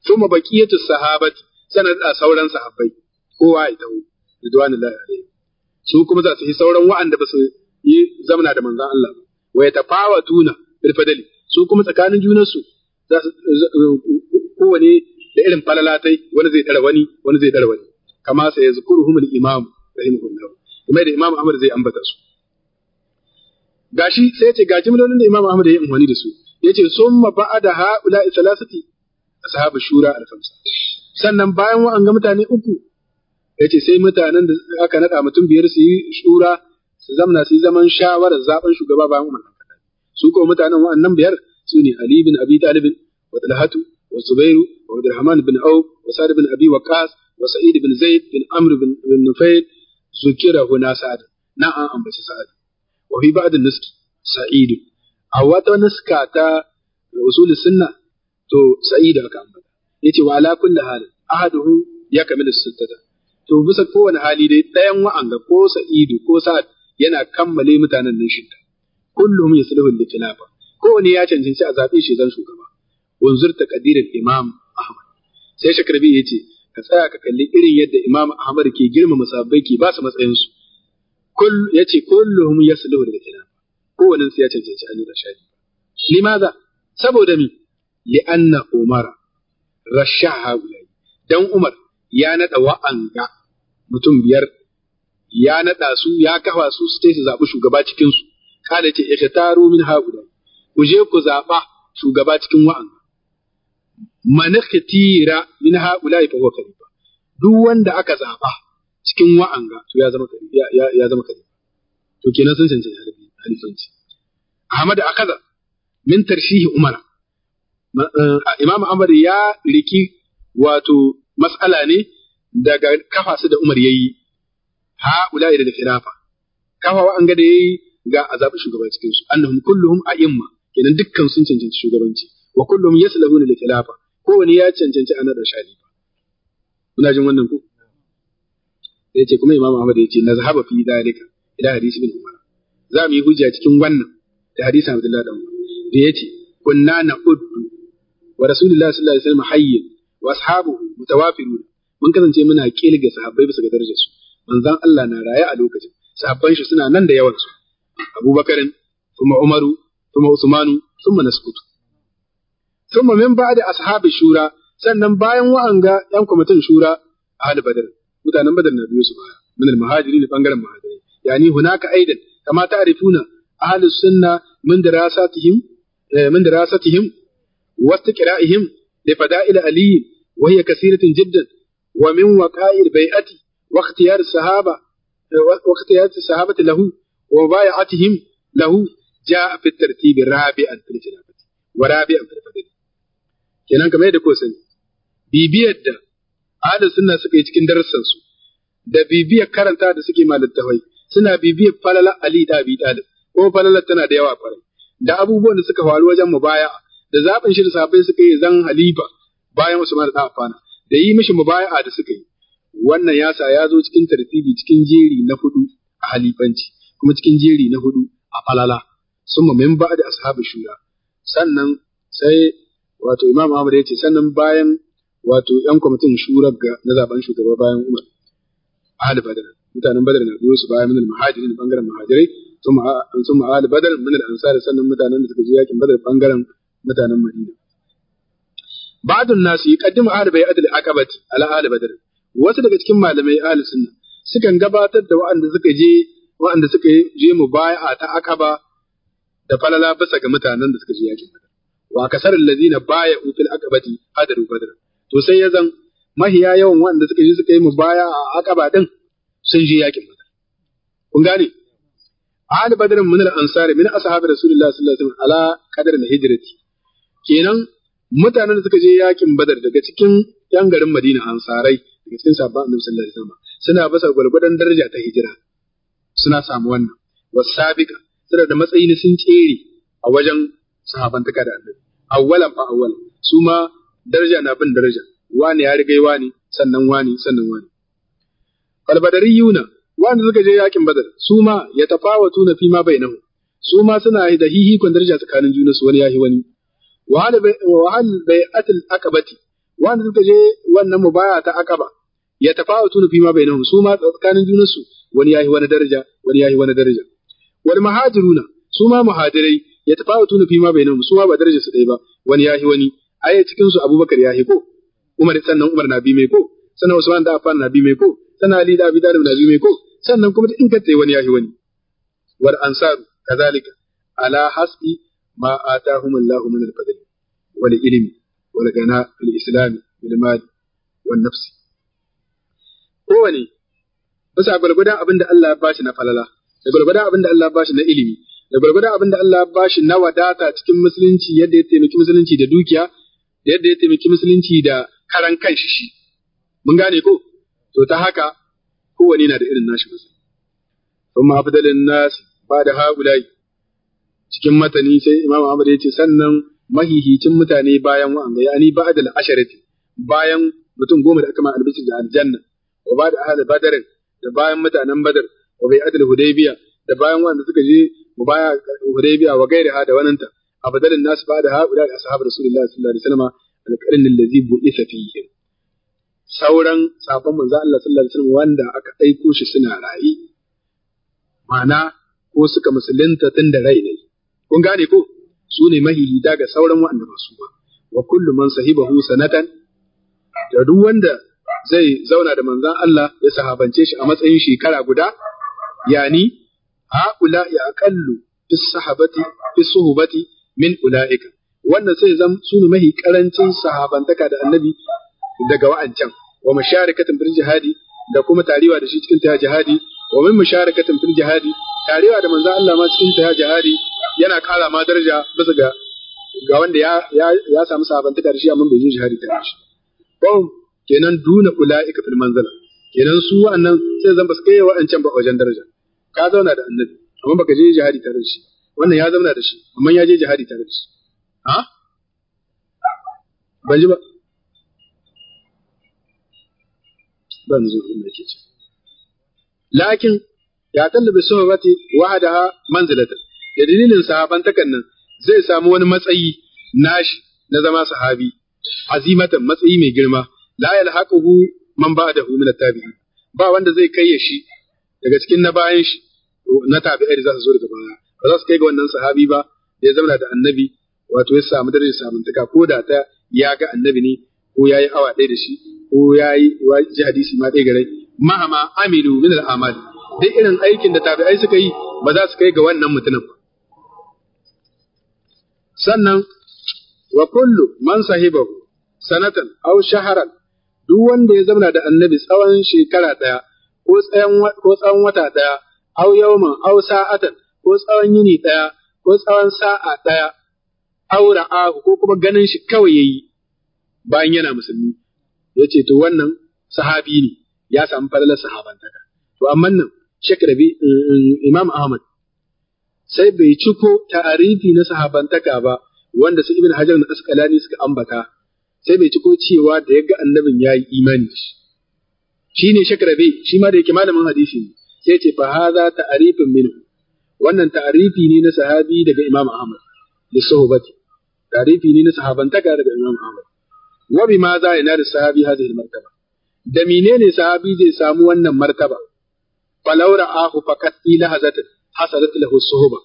Su ma baqiyatu sahabat sanar da sauran sahabbai kowa ya tawo ridwanullahi alaihi su kuma za su yi sauran wa'anda ba su yi zamana da manzon Allah ba wa yatafawatuna bil fadli su kuma tsakanin junansu za su uh, kowane da irin falalatai wani zai tara wani wani zai tara wani kama sai yazkuruhum humul imam rahimahullah kuma da imam Ahmad zai ambata su gashi sai ya ce ga jimlolin da imam Ahmad ya yi amfani da su yace summa ba'da ha'ula thalathati ashabu shura al-khamsa sannan bayan wa'an ga mutane uku yace sai mutanen da aka nada mutum biyar su yi shura su zamna su yi zaman shawarar zaben shugaba bayan umar su ko mutanen wa'annan biyar su ne Ali bin Abi Talib wa Talhatu وزبير وعبد الرحمن بن عوف وسعد بن أبي وقاص وسعيد بن زيد بن عمرو بن, بن نفيل ذكر هنا سعد نعم أم بس سعد وفي بعض النسك سعيد أو نسكا تا وصول السنة تو سعيد أكا أم يتي وعلى كل حال أحده يكمل الستة to bisa kowane hali dai ɗayan wa'anga ko sa'idu ko sa'ad yana kammale mutanen nan shida kullum yasluhu litilafa kowane ya cancanci a zaɓe shi zan shugaba wanzur kadirin Imam Ahmad sai shakarbi ya ce ka tsaya ka kalli irin yadda Imam Ahmad ke girmama sahabbai ke ba su Ya ce kull ya kulluhum yasluhu da kalam kowannen su ya cancanci annabi rashadi limaza saboda mi li'anna Umar rashaha ulai dan Umar ya nada wa'anga mutum biyar ya naɗa su ya kafa su su su zaɓi shugaba cikin su kada ce ikhtaru min haula ku je ku zaɓa shugaba cikin wa'an man ikhtira min ulai fa huwa khalifa duk wanda aka zaba cikin wa'anga to ya zama ya, ya zama khalifa to kenan sun cancanci halifanci Ahmad akaza min tarshihi Umar eh, Imam Ahmad ya riki wato mas'ala ne daga kafa su da Umar yayi ulai da khilafa kafa wa an ga da yayi ga azabi shugaban cikin su annahum kulluhum a'imma kenan dukkan sun cancanci shugabanci wa kullum yaslahuna lil khilafa kowane ya cancanci a naɗa ba. Muna jin wannan ku? sai ce kuma Imam Ahmad ya ce na zahaba fi dalika ila hadisi bin Umar za mu yi hujja cikin wannan da hadisi Abdullah da Umar da ya ce, kunna na uddu. wa Rasulullah sallallahu alaihi wasallam hayyin wa ashabuhu mutawafirun mun kasance muna kilga sahabbai bisa ga darajar su manzon Allah na raye a lokacin sahabban shi suna nan da yawan su kuma Umaru kuma Usmanu kuma sukutu. thumma min ba'di ashabi shura sannan bayan wa'anga yan kwamitin shura ahli badar mutanen badar na biyo su baya min al-muhajirin bangaren muhajirai yani hunaka aidan kama ta'rifuna ahli sunna min dirasatihim eh, min dirasatihim wa istiqra'ihim li fada'il ali wa hiya kasiratun jiddan wa min waqa'il bai'ati wa ikhtiyar sahaba eh, wa ikhtiyar sahabati lahu wa bai'atihim lahu ja'a fi at-tartib rabi'an fil jannati wa rabi'an fil fadl kenan kamar yadda kowa sani bibiyar da ahlus sunna suka yi cikin darussan su da bibiyar karanta da suke malittafai suna bibiyar falala ali da bi talib ko falalar tana da yawa kwarai da abubuwan da suka faru wajen mubaya'a da zaɓin shi da sabai suka yi zan halifa bayan Usman da afana da yi mishi mubaya'a da suka yi wannan yasa ya zo cikin tartibi cikin jeri na hudu a halifanci kuma cikin jeri na hudu a falala summa min da ashabi shura sannan sai wato Imam Ahmad ya ce sannan bayan wato ‘yan kwamitin shurar na zaben shugaba bayan Umar ahli badar mutanen badar na biyo su bayan minal muhajirin bangaren muhajirai sun ma'ahli badar minal ansari sannan mutanen da suka je yakin badar bangaren mutanen madina ba'dun nasu yuqaddimu ahli bai'at al-aqabah ala ahli badar wasu daga cikin malamai ahli sunna sukan gabatar da waɗanda suka je waɗanda suka je mubaya'a ta akaba da falala bisa ga mutanen da suka je yakin badar wa kasarar lazina baya utul akabati hadaru badar to sai ya zan mahiya yawan wanda suka yi suka yi baya a akaba din sun je yakin badar kun gane ahad badar min al ansari min ashabi rasulullah sallallahu alaihi wasallam ala qadar al hijrati kenan mutanen da suka je yakin badar daga cikin yan garin madina ansarai daga cikin sabbin annabi sallallahu alaihi wasallam suna basa gurgurdan daraja ta hijira suna samu wannan wasabika suna da matsayi ne sun tsere a wajen sahabantaka da annabi awwalan fa awwal su ma daraja na bin daraja wani ya rigai wani sannan wani sannan wani badariyuna wani suka je yakin badar su ma ya tafawatu na fi ma bainahu su ma suna da hihi kun daraja tsakanin juna su wani yahi wani wa hal bai'atul akabati wani suka je wannan mubaya ta akaba ya tafawatu na fi ma bainahu su ma tsakanin juna su wani yahi wani daraja wani yahi wani daraja wal muhajiruna su ma muhajirai ya tafawatu fi ma bainahum su ma ba darajar su ɗaya ba wani yahi wani ai cikin su Abubakar yahi ko Umar sannan Umar na bi mai ko sannan Usman da Affan na bi mai ko sannan Ali da Abi Talib na bi mai ko sannan kuma in ka wani yahi wani War ansaru kazalika ala hasbi ma atahumullahu min al-fadl wal ilmi wal ghana fil islam bil mal wal nafs kowane bisa gwargwadon abin da Allah ya bashi na falala da gwargwadon abin da Allah ya bashi na ilimi da gwargwadon abin da Allah ba shi na wadata cikin musulunci yadda ya taimaki musulunci da dukiya da yadda ya taimaki musulunci da karan kan shi mun gane ko to ta haka kowane na da irin nashi masa ثم أفضل ba da haƙulai cikin matani sai Imam Ahmad ya ce sannan mahihicin mutane bayan ga yani ba da asharati bayan mutum goma da aka ma albishir da aljanna wa da ahli badarin da bayan mutanen badar wa adal hudaybiya da bayan wanda suka je وبايع هريبيا وغيرها دوننتا أبدل الناس بعد هؤلاء أصحاب رسول الله صلى الله عليه وسلم القرن الذي بعث فيه sauran sabon manzo Allah sallallahu alaihi wanda aka aiko shi suna rayi mana ko suka musulunta tun da rai ne kun gane ko su ne mahihita ga sauran waɗanda ba su ba wa kullu man sahibahu sanatan da duk wanda zai zauna da manzan Allah ya sahabance shi a matsayin shekara guda yani هؤلاء أقل في الصحابة في الصحبة من أولئك wannan sai zan su ne mahi sahabantaka da annabi daga wa'ancan wa musharakatin fil jihadi da kuma tarewa da shi cikin jihadi wa min musharakatin fil jihadi tarewa da manzo Allah ma cikin ta jihadi yana kara ma daraja bisa ga ga wanda ya ya samu sahabantaka da shi amma bai je jihadi ta shi Bon kenan duna fil manzala kenan su wa'annan sai zan basu wa'ancan ba wajen daraja ka zauna da annabi amma baka je jihadi tare da shi wannan ya zauna da shi amma ya je jihadi tare da shi ha ban ji ba ban ji ba ne ke ce lakin ya tallabe sahabati wahadaha manzilatan da dalilin takan nan zai samu wani matsayi nashi na zama sahabi azimatan matsayi mai girma la yalhaquhu man ba'dahu min at-tabi'in ba wanda zai kai shi daga cikin na bayan shi na tabi'ai za su zo daga baya ba za su kai ga wannan sahabi ba da ya zama da annabi wato ya samu darajar samuntaka. ko da ta ya ga annabi ne ko ya yi awa ɗaya da shi ko ya yi ji hadisi ma ɗaya garai mahama Aminu, min al'amal duk irin aikin da tabi'ai suka yi ba za su kai ga wannan mutumin ba sannan wa kullu man sahibahu sanatan aw shaharan duk wanda ya zama da annabi tsawon shekara ɗaya ko tsawon wata ɗaya aw yawman aw sa'atan ko tsawon yini ɗaya ko tsawon sa'a ɗaya aw ra'ahu ko kuma ganin shi kawai yayi bayan yana musulmi yace to wannan sahabi ne ya samu fadalar sahabantaka to amma nan Sheikh Rabi eh, eh, Imam Ahmad sai bai ciko ta'arifi na sahabantaka ba wanda su Ibn Hajar na Asqalani suka ambata sai bai ciko cewa da yaga annabin yayi imani shi ne Sheikh Rabi shi ma da yake malamin hadisi ne sai ce fa hadha ta'rifun minhu wannan ta'rifi ne na sahabi daga Imam Ahmad da sahabati ta'rifi ne na sahabantaka daga Imam Ahmad wa bima za ina da sahabi hadhihi martaba da menene sahabi zai samu wannan martaba falaura ahu faqat ila hazatin hasalat lahu suhuba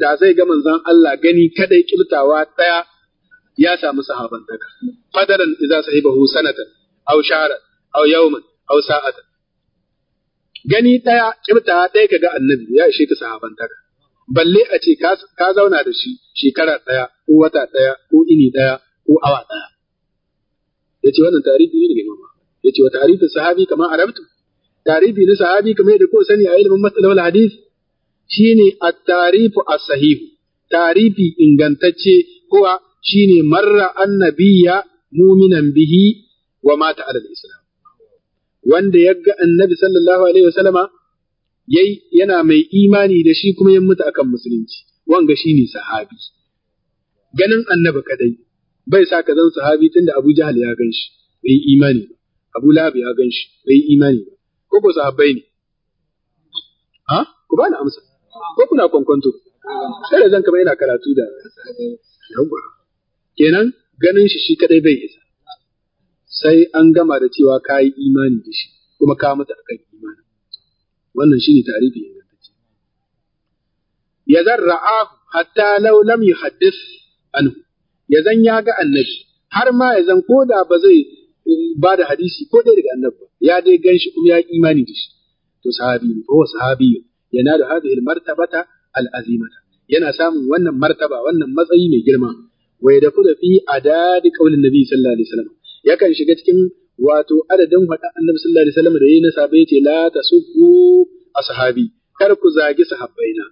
da zai ga manzon Allah gani kadai kiltawa daya ya samu sahabantaka fadaran idza sahibahu sanatan aw shahran aw yawman aw sa'atan gani ɗaya kibta ɗaya ka ga annabi ya ishe ka sahaban daga balle a ce ka zauna da shi shekara ɗaya ko wata ɗaya ko ini ɗaya ko awa ɗaya ya ce wannan tarihi ne daga imam ya ce wa tarihi sahabi kamar arabtu tarihi na sahabi kamar yadda ko sani a ilimin matsalawar hadith shine at-tarifu as-sahihu Tarifi ingantacce kowa shine marra annabiya muminan bihi wa mata alal islam wanda ya ga annabi sallallahu alaihi wasallama yayi yana mai imani da shi kuma ya mutu akan musulunci wanga shine sahabi ganin annabi kadai bai sa ka zan sahabi tunda Abu Jahal ya ganshi bai imani ba Abu Lahab ya ganshi bai imani ba ko ko sahabbai ne ha ku bani amsa ko kuna kwankwanto sai da zan kama yana karatu da yawa kenan ganin shi shi kadai bai isa sai an gama da cewa ka yi imani da shi kuma ka mutu akan imani wannan shi ne tarihi ingantacce ya zarra'ahu hatta law lam yuhaddith anhu ya zan ya ga annabi har ma ya zan ko da ba zai eh, ba da hadisi ko dai daga annabi ya dai gan shi kuma ya yi imani da shi to sahabi ne ko sahabi ne. yana da hadhihi al-martabata al-azimata yana samun wannan martaba wannan matsayi mai girma Wai wa yadkhulu fi adadi qaulin nabi sallallahu alaihi wasallam yakan shiga cikin wato adadin faɗa annabi sallallahu alaihi wasallam da yayi na sahabbai ce la tasubbu ashabi kar ku zagi sahabbaina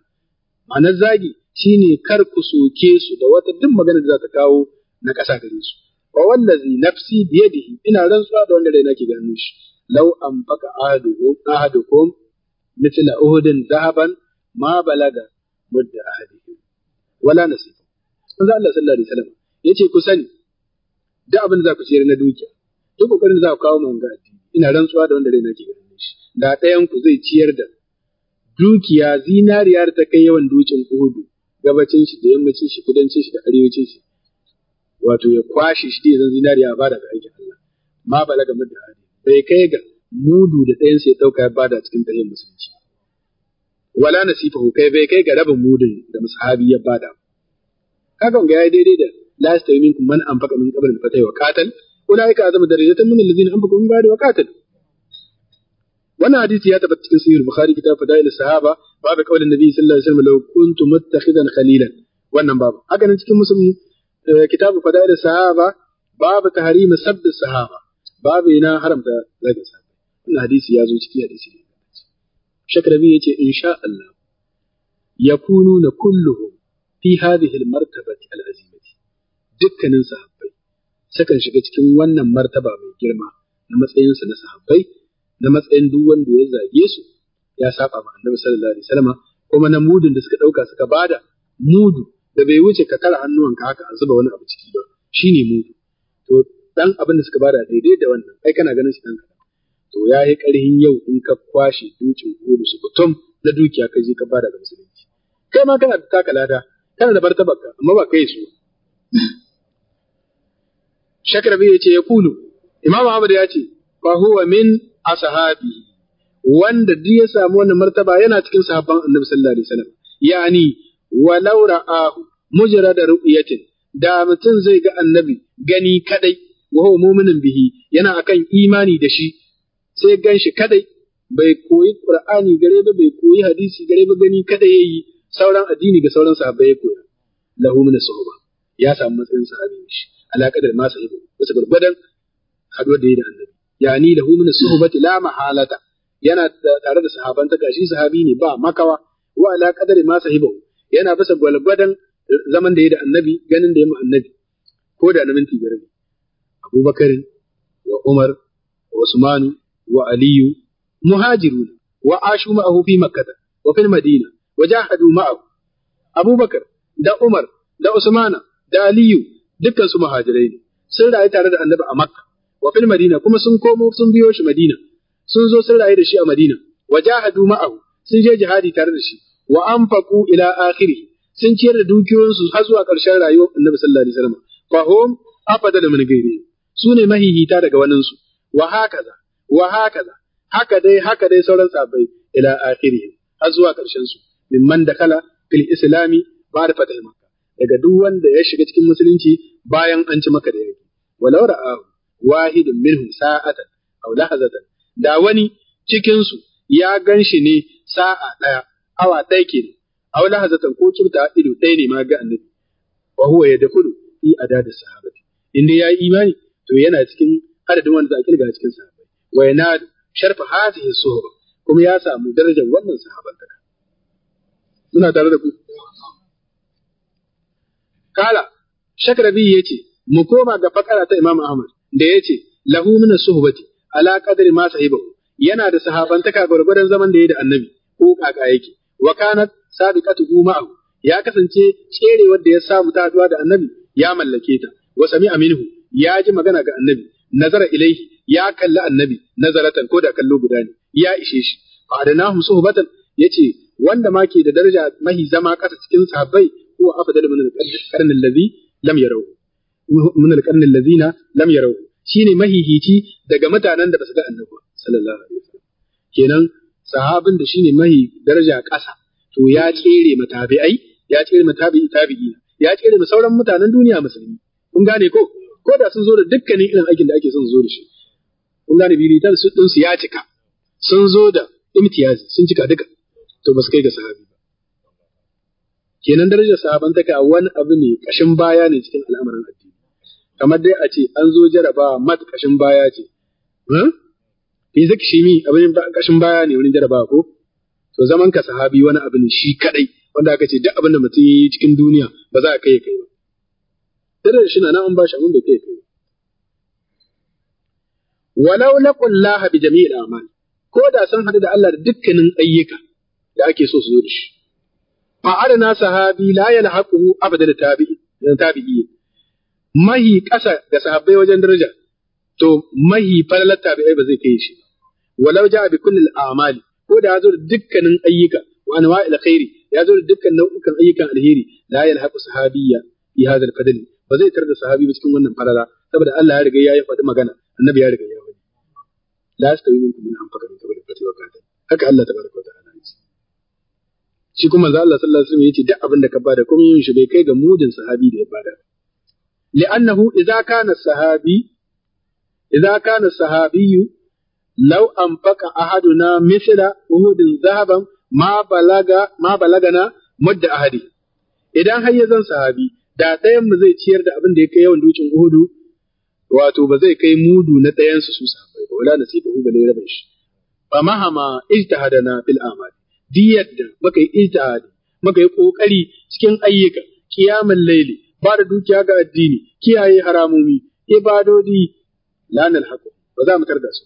ma'anar zagi shine kar ku soke su da wata duk magana da za ta kawo na ƙasa gare su wa wallazi nafsi biyadihi ina rantsuwa da wanda raina ke ganin shi law anfaqa ahadukum ahadukum mithla uhudin zahaban ma balaga mudda ahadihim wala Sun manzo Allah sallallahu alaihi wasallam yace ku sani da abin da za ku sayar na dukiya duk kokarin da za ku kawo manga ina rantsuwa da wanda raina ke ganin shi da ɗayan ku zai ciyar da dukiya zinariyar ta kai yawan dukin kudu gabacin shi da yammacin shi kudancin shi da arewacin shi wato ya kwashe shi da zan zinariya ba daga aikin Allah ma balaga mudda hali bai kai ga mudu da ɗayan sai dauka ya bada cikin tarihin musulunci wala nasifahu kai bai kai ga rabin mudun da musahabi ya bada kaga ga ya daidai da لا يستوي منكم من أنفق من قبل الفتح وقاتل أولئك أعظم درجة من الذين أنفقوا من بعد وقاتل وانا حديث يا تبت سير البخاري كتاب فضائل الصحابة باب قول النبي صلى الله عليه وسلم لو كنت متخذا خليلا وانا باب حقا نتكلم مسلم آه، كتاب فضائل الصحابة باب تحريم سب الصحابة باب هنا حرم تلاقي ان وانا حديث يا زوجتي حديث شكرا بي إن شاء الله يكونون كلهم في هذه المرتبة العزيمة dukkanin sahabbai sukan shiga cikin wannan martaba mai girma na matsayinsu na sahabbai na matsayin duk wanda ya zage su ya saba ma annabi sallallahu alaihi wasallam kuma na mudun da suka dauka suka bada mudu da bai wuce ka kara hannuwanka haka a zuba wani abu ciki ba shine mudu to dan abin da suka bada daidai da wannan ai kana ganin shi dan kadan to ya yi karhin yau in ka kwashe dukin kodu su butum na dukiya ka je ka bada ga musulunci kai ma kana da taka lada kana da bartabarka amma ba kai su shakar ya ce ya kulu, Imam Ahmad ya ce, fa huwa min ashabi wanda duk ya samu wannan martaba yana cikin sahabban Annabi sallallahu alaihi wasallam. Yani walau ra'ahu a ru'yatin da mutum zai ga Annabi gani kadai wa huwa mu'minin bihi yana akan imani da shi sai gan shi kadai bai koyi Qur'ani gare ba bai koyi hadisi gare ba gani kadai yayi sauran addini ga sauran sahabbai ya koya lahu min sahaba ya samu matsayin sahabi shi ala qadar ma sa'ibu bisa gurgudan haduwar da yi da annabi Ya yani lahu min suhbati la mahalata yana tare da sahaban ta gashi sahabi ne ba makawa wa ala qadari ma sahibu yana bisa gwalgwadan zaman da yi da annabi ganin da yi annabi ko da na minti biyar ne Abubakar wa Umar wa Usman wa Aliyu muhajiruna wa ashu ma'ahu fi makkata, wa fil madina wa jahadu ma'ahu Abubakar da Umar da Usmana da Aliyu dukkan su muhajirai ne sun rayu tare da annabi a makka wa fil madina kuma sun komo sun biyo shi madina sun zo sun rayu da shi a madina wa jahadu ma'ahu sun je jihadi tare da shi wa anfaqu ila akhiri sun ciyar da dukiyoyinsu har zuwa ƙarshen rayuwar annabi sallallahu alaihi wasallam fa hum afadal min ghairi su ne mahihita daga wannan su wa hakaza wa hakaza haka dai haka dai sauran sahabbai ila akhiri har zuwa ƙarshen su mimman dakala fil islami ba da fatahima daga duk wanda ya shiga cikin musulunci bayan an ci maka da yaki walau ra'ahu wahidun minhum sa'atan aw lahazatan da wani cikinsu su ya shi ne sa'a daya awa ɗaya ne aw lahazatan ko turta ido ɗaya ne ma ga annabi wa huwa yadkhulu fi adad sahabati inda ya imani to yana cikin adadin wanda za cikin sahabai wa yana sharfa hadhihi suhba kuma ya samu darajar wannan sahabantaka muna tare da ku Kala, Shakrabi ya ce, mu koma ga fakara ta Imam Ahmad, da ya ce, lahu min suhbati ala qadri ma sahibahu yana da sahabantaka gurgurdan zaman da ya da annabi ko kaka yake wa kanat sabiqatuhu ma'ahu ya kasance cerewar da ya samu ta da annabi ya mallake ta wa sami'a minhu ya ji magana ga annabi nazara ilaihi ya kalli annabi nazaratan ko da kallo guda ne ya ishe shi fa'adnahu suhbatan yace wanda ma ke da daraja mahi zama kasa cikin sahabbai هو أفضل من القرن الذي لم يروه من القرن الذين لم يروه shine mahihici daga mutanen da basu ga annabi sallallahu alaihi wasallam kenan sahabin da shine mahi daraja ƙasa to ya tsere matabi'ai ya tsere matabi'i tabi'ina ya tsere sauran mutanen duniya musulmi kun gane ko ko da sun zo da dukkanin irin aikin da ake son zo da shi kun gane biritan su ya cika sun zo da imtiyazi sun cika duka to ba su kai ga sahabi kenan darajar sahabantaka wani abu ne kashin baya ne cikin al'amarin addini kamar dai a ce an zo jarabawa mat kashin baya ce shi mi abin kashin baya ne wurin jarabawa ko to zaman ka sahabi wani abu ne shi kadai wanda aka ce duk abin da mutum yi cikin duniya ba za a kai kai ba darajar shi na nan an bashi abin bai kai kai ba walau laqullaha bi jami'il a'mal ko da sun hadu da Allah da dukkanin ayyuka da ake so su zo da shi fa adana sahabi la yalhaquhu abadan tabi'i tabi'i mahi kasa ga sahabbai wajen daraja to mahi falalar tabi'ai ba zai kai shi walau ja'a bi kulli al-a'mali ko da ya da dukkanin ayyuka wa anwa'il khairi ya zo da dukkan nau'ukan ayyukan alheri la yalhaqu sahabiyya fi hadha al-fadl ba zai tarda sahabi ba cikin wannan farara saboda Allah ya riga ya yi faɗi magana annabi ya riga ya faɗi la yastawi minkum man anfaqa min qabli al-fati wa qatala haka Allah tabaraka wa ta'ala shi kuma manzo Allah sallallahu alaihi wasallam yace duk abin da ka bada komai yin shi bai kai ga mudin sahabi da ya bada li'annahu idza kana sahabi idza kana sahabiyyu law anfaqa ahaduna mithla uhudin zahaban ma balaga ma balagana mudda ahadi idan har ya zan sahabi da ɗayan mu zai ciyar da abin da ya kai yawan dukin uhudu wato ba zai kai mudu na ɗayansu su sahabbai ba wala nasiba hu bale rabin shi fa mahama ijtahadana fil amal diyar da muka yi ijtihadi muka yi kokari cikin ayyuka kiyamul laili ba da dukiya ga addini kiyaye haramomi ibadodi lanal haqqu ba za mu tarda su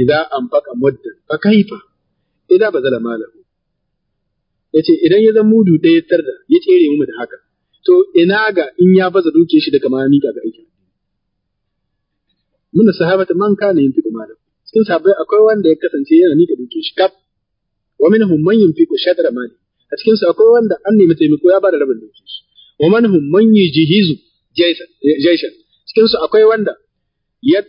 idza anfaqa muddan fa kaifa idza bazala malahu yace idan ya zan mudu ɗaya tarda ya tsere mu da haka to ina ga in ya baza dukiyar shi daga ma mika ga aikin muna sahabata man kana yin tuku malam cikin sabai akwai wanda ya kasance yana nika duke shi kaf wa minhum man yunfiqu shadra mali a cikin su akwai wanda an nemi taimako ya bada rabin duke shi wa hum, man yujihizu jaysan cikin su akwai wanda ya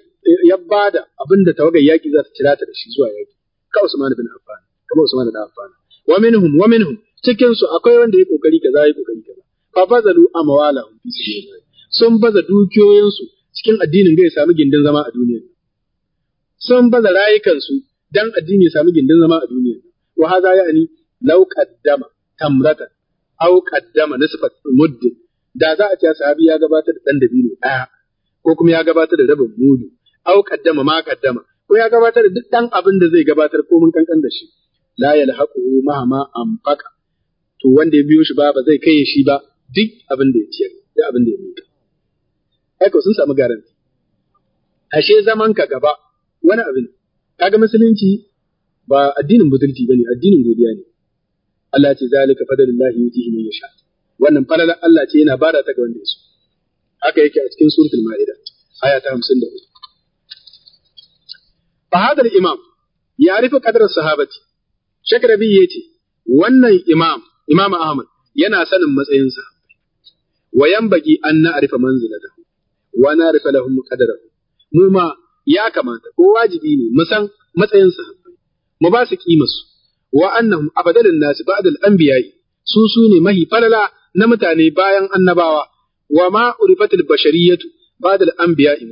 ya bada abinda tawagar yaki za ta cira ta da shi zuwa yaki ka Usman bin Affan kamar Usman da Affan wa minhum wa minhum cikin su akwai wanda ya kokari kaza ya kokari kaza fa bazalu amwalahum fi sabilillah sun baza dukiyoyinsu cikin addinin da ya samu gindin zama a duniya sun baza rayukansu dan addini ya sami gindin zama a duniya wa ya ani law qaddama tamrata? aw qaddama nisfat muddin da za a ce sahabi ya gabatar da dan dabino daya ko kuma ya gabatar da rabin mudu aw qaddama ma qaddama ko ya gabatar da duk dan abin da zai gabatar ko mun kankan da shi la yalhaquhu mahama anfaqa to wanda ya biyo shi ba ba zai kai shi ba duk abin da ya ciyar duk abin da ya mika ai sun samu garanti ashe zaman ka gaba wani abu ne kaga musulunci ba addinin butulci bane addinin godiya ne Allah ce zalika fadlullahi yutihi man yasha wannan falalar Allah ce yana bada ta ga wanda yaso haka yake a cikin suratul maida aya ta 54 fa hadal imam ya rufe kadar sahabati shakrabi yace wannan imam imam ahmad yana sanin matsayin sahabbai wa yanbagi an na arifa manzilatahu wa na arifa lahum qadarahu mu ma ya kamata ko wajibi ne mu san matsayin sahabbai mu ba su su wa annahum abadalin nasu, ba'da al-anbiya'i su su ne mahi falala na mutane bayan annabawa wa ma urifatul bashariyatu ba'dal al-anbiya'i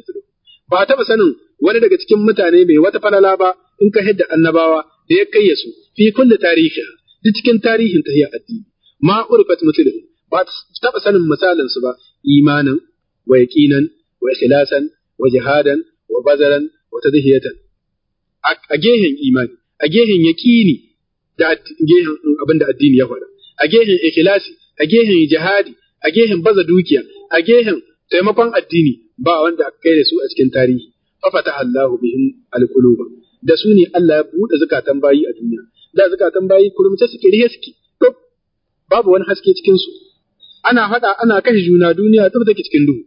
ba taɓa sanin wani daga cikin mutane mai wata falala ba in ka hidda annabawa da ya kai su fi kulli tarihi duk cikin tarihin ta tahiyya addini ma urifat mithluhu ba taɓa sanin misalin su ba Imanin, wa yaqinan wa ikhlasan wa jihadan wa bazaran wa tadhiyatan a gehen imani a gehen yaqini da gehen abinda addini ya faɗa a gehen ikhlasi a gehen jihadi a gehen baza dukiya a gehen taimakon addini ba wanda aka kai da su a cikin tarihi fa fataha Allahu bihim alquluba da su ne Allah ya buɗe zakatan bayi a duniya da zakatan bayi kurumce suke rihe suke babu wani haske cikin su ana haɗa ana kashe juna duniya tsaf take cikin duhu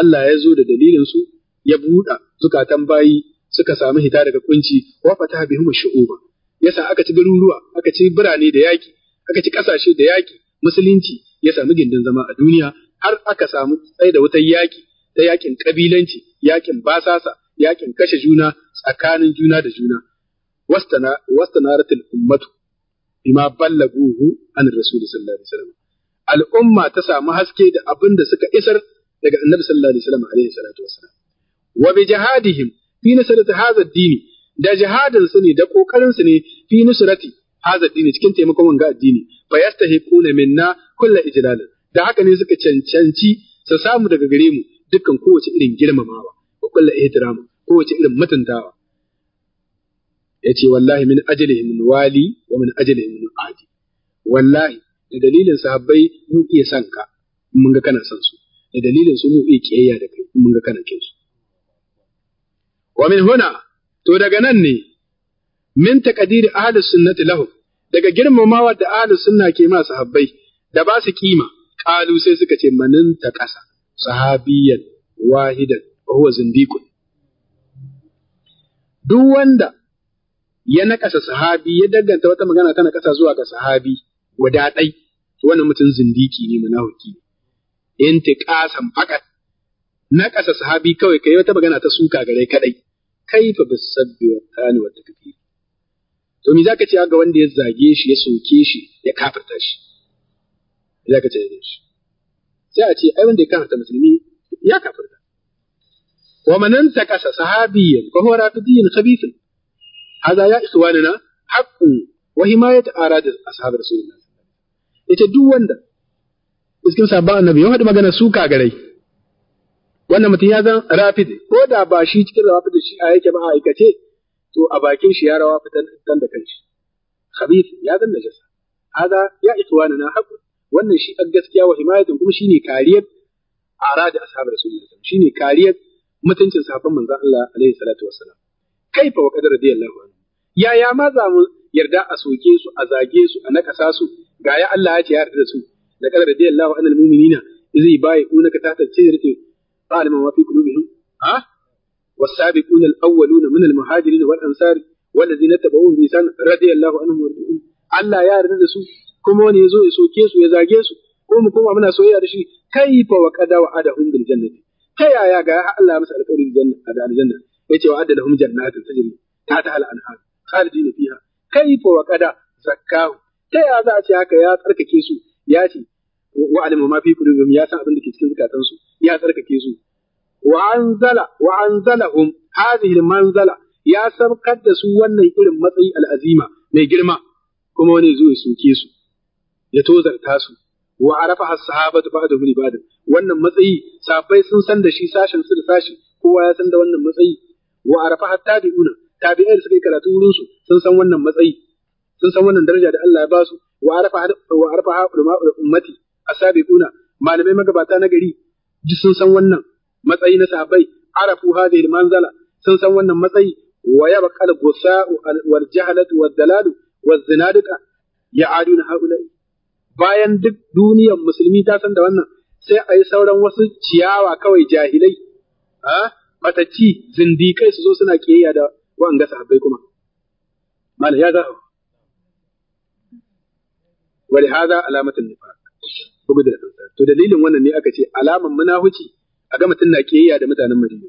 Allah ya zo da dalilin su ya buɗa zukatan bayi suka samu hita daga kunci wa fataha bihum shu'uba yasa aka ci garuruwa aka ci birane da yaki aka ci kasashe da yaki musulunci ya samu gindin zama a duniya har aka samu tsaye da wutar yaki ta yakin kabilanci yakin basasa yakin kashe juna tsakanin juna da juna wastana wastanaratul ummatu bima ballaguhu an rasul sallallahu alaihi wasallam al'umma ta samu haske da abin da suka isar daga annabi sallallahu alaihi wasallam alaihi salatu wasallam wa bi jihadihim fi nusrati hadha ad-din da jihadin su ne da kokarin su ne fi nusrati hadha ad-din cikin taimakon wanga addini fa yastahiquna minna kullu ijlal da haka ne suka cancanci su samu daga gare mu dukkan kowace irin girmamawa wa kullu ihtiram kowace irin mutuntawa yace wallahi min ajlihim wali wa min ajlihim adi wallahi da dalilin sahabbai mu iya sanka mun ga kana san su da dalilin su mu iya kiyayya da kai mun ga kana kin su wa min huna to daga nan ne min taqdir ahli sunnati lahu daga girmamawa da ahli sunna ke ma sahabbai da ba su kima qalu sai suka ce manin ta ƙasa sahabiyan wahidan wa huwa zindiqun duk wanda ya nakasa sahabi ya danganta wata magana tana ƙasa zuwa ga sahabi guda wannan mutum zindiki ne munafiki intiqasan fakat na ƙasa sahabi kawai kai wata magana ta suka gare kadai kaifa bisabbi wa tani wa takfir to me zaka ce ga wanda ya zage shi ya soke shi ya kafirta shi me zaka ce da shi sai a ce ai wanda ya kafirta musulmi ya kafirta wa man antaqasa sahabiyyan fa huwa rafidiyyan khabithun hada ya ikhwanana haqqun wa himayat arad ashab rasulullah ita duk wanda iskin sabban annabi ya haɗu magana suka garai wannan mutum ya zan rafid ko da ba shi cikin rafid shi a yake ba a aikace to a bakin shi ya rawa fitan dan da kanshi khabith ya zan najasa hada ya na haqqun wannan shi a gaskiya wa himayatun kuma shine kariyar arada ashabi rasulullahi sallallahu shine kariyar mutuncin sahabban manzon Allah alaihi salatu wassalam kaifa wa qadar radiyallahu anhu yaya ma za mu yarda a soke su a zage su a nakasa su ga ya Allah ya ce ya yarda da su da qadar radiyallahu anil mu'minina izi bai unaka tahta shajaratin فاعلم ما في قلوبهم ها والسابقون الأولون من المهاجرين والأنصار والذين تبعوهم بإحسان رضي الله عنهم وارضوهم Allah ya yarda da su kuma wani ya zo ya soke su ya zage su ko mu koma muna soyayya da shi kaifa wa qada wa adahum bil jannati ta yaya ga Allah masa alƙawarin janna da aljanna yace wa adda lahum jannatin tajri ta ta al anhar khalidina fiha kaifa wa qada zakkahu ta yaya za a ce haka ya tsarkake su ya ce ya san abin da ke cikin zukatansu ya tsarkake su wa anzala wa anzalahum hadhihi manzala ya sabkar da su wannan irin matsayi al'azima mai girma kuma wani zo ya soke su ya tozarta su wa arafa as-sahabatu ba'dahum li ba'd wannan matsayi sahabbai sun san da shi sashin su da sashi kowa ya san da wannan matsayi wa arafa at-tabi'una tabi'ai suka yi karatu wurin su sun san wannan matsayi sun san wannan daraja da Allah ya ba su wa arafa wa arafa ummati as-sabiquna malamai magabata na gari ji sun san wannan matsayi na sahabbai arafu hadhihi almanzala sun san wannan matsayi wa ya bakal ghusa wal jahlat wal dalal wal ya ya'adun haula'i bayan duk duniyar musulmi ta san da wannan sai a yi sauran wasu ciyawa kawai jahilai a matacci zindikai su zo suna kiyayya da wa'anga sahabbai kuma malam ya zahu ولهذا nifaq النفاق بقدر الإنسان to dalilin wannan ne aka ce alaman munafici a ga mutum na kiyayya da mutanen Madina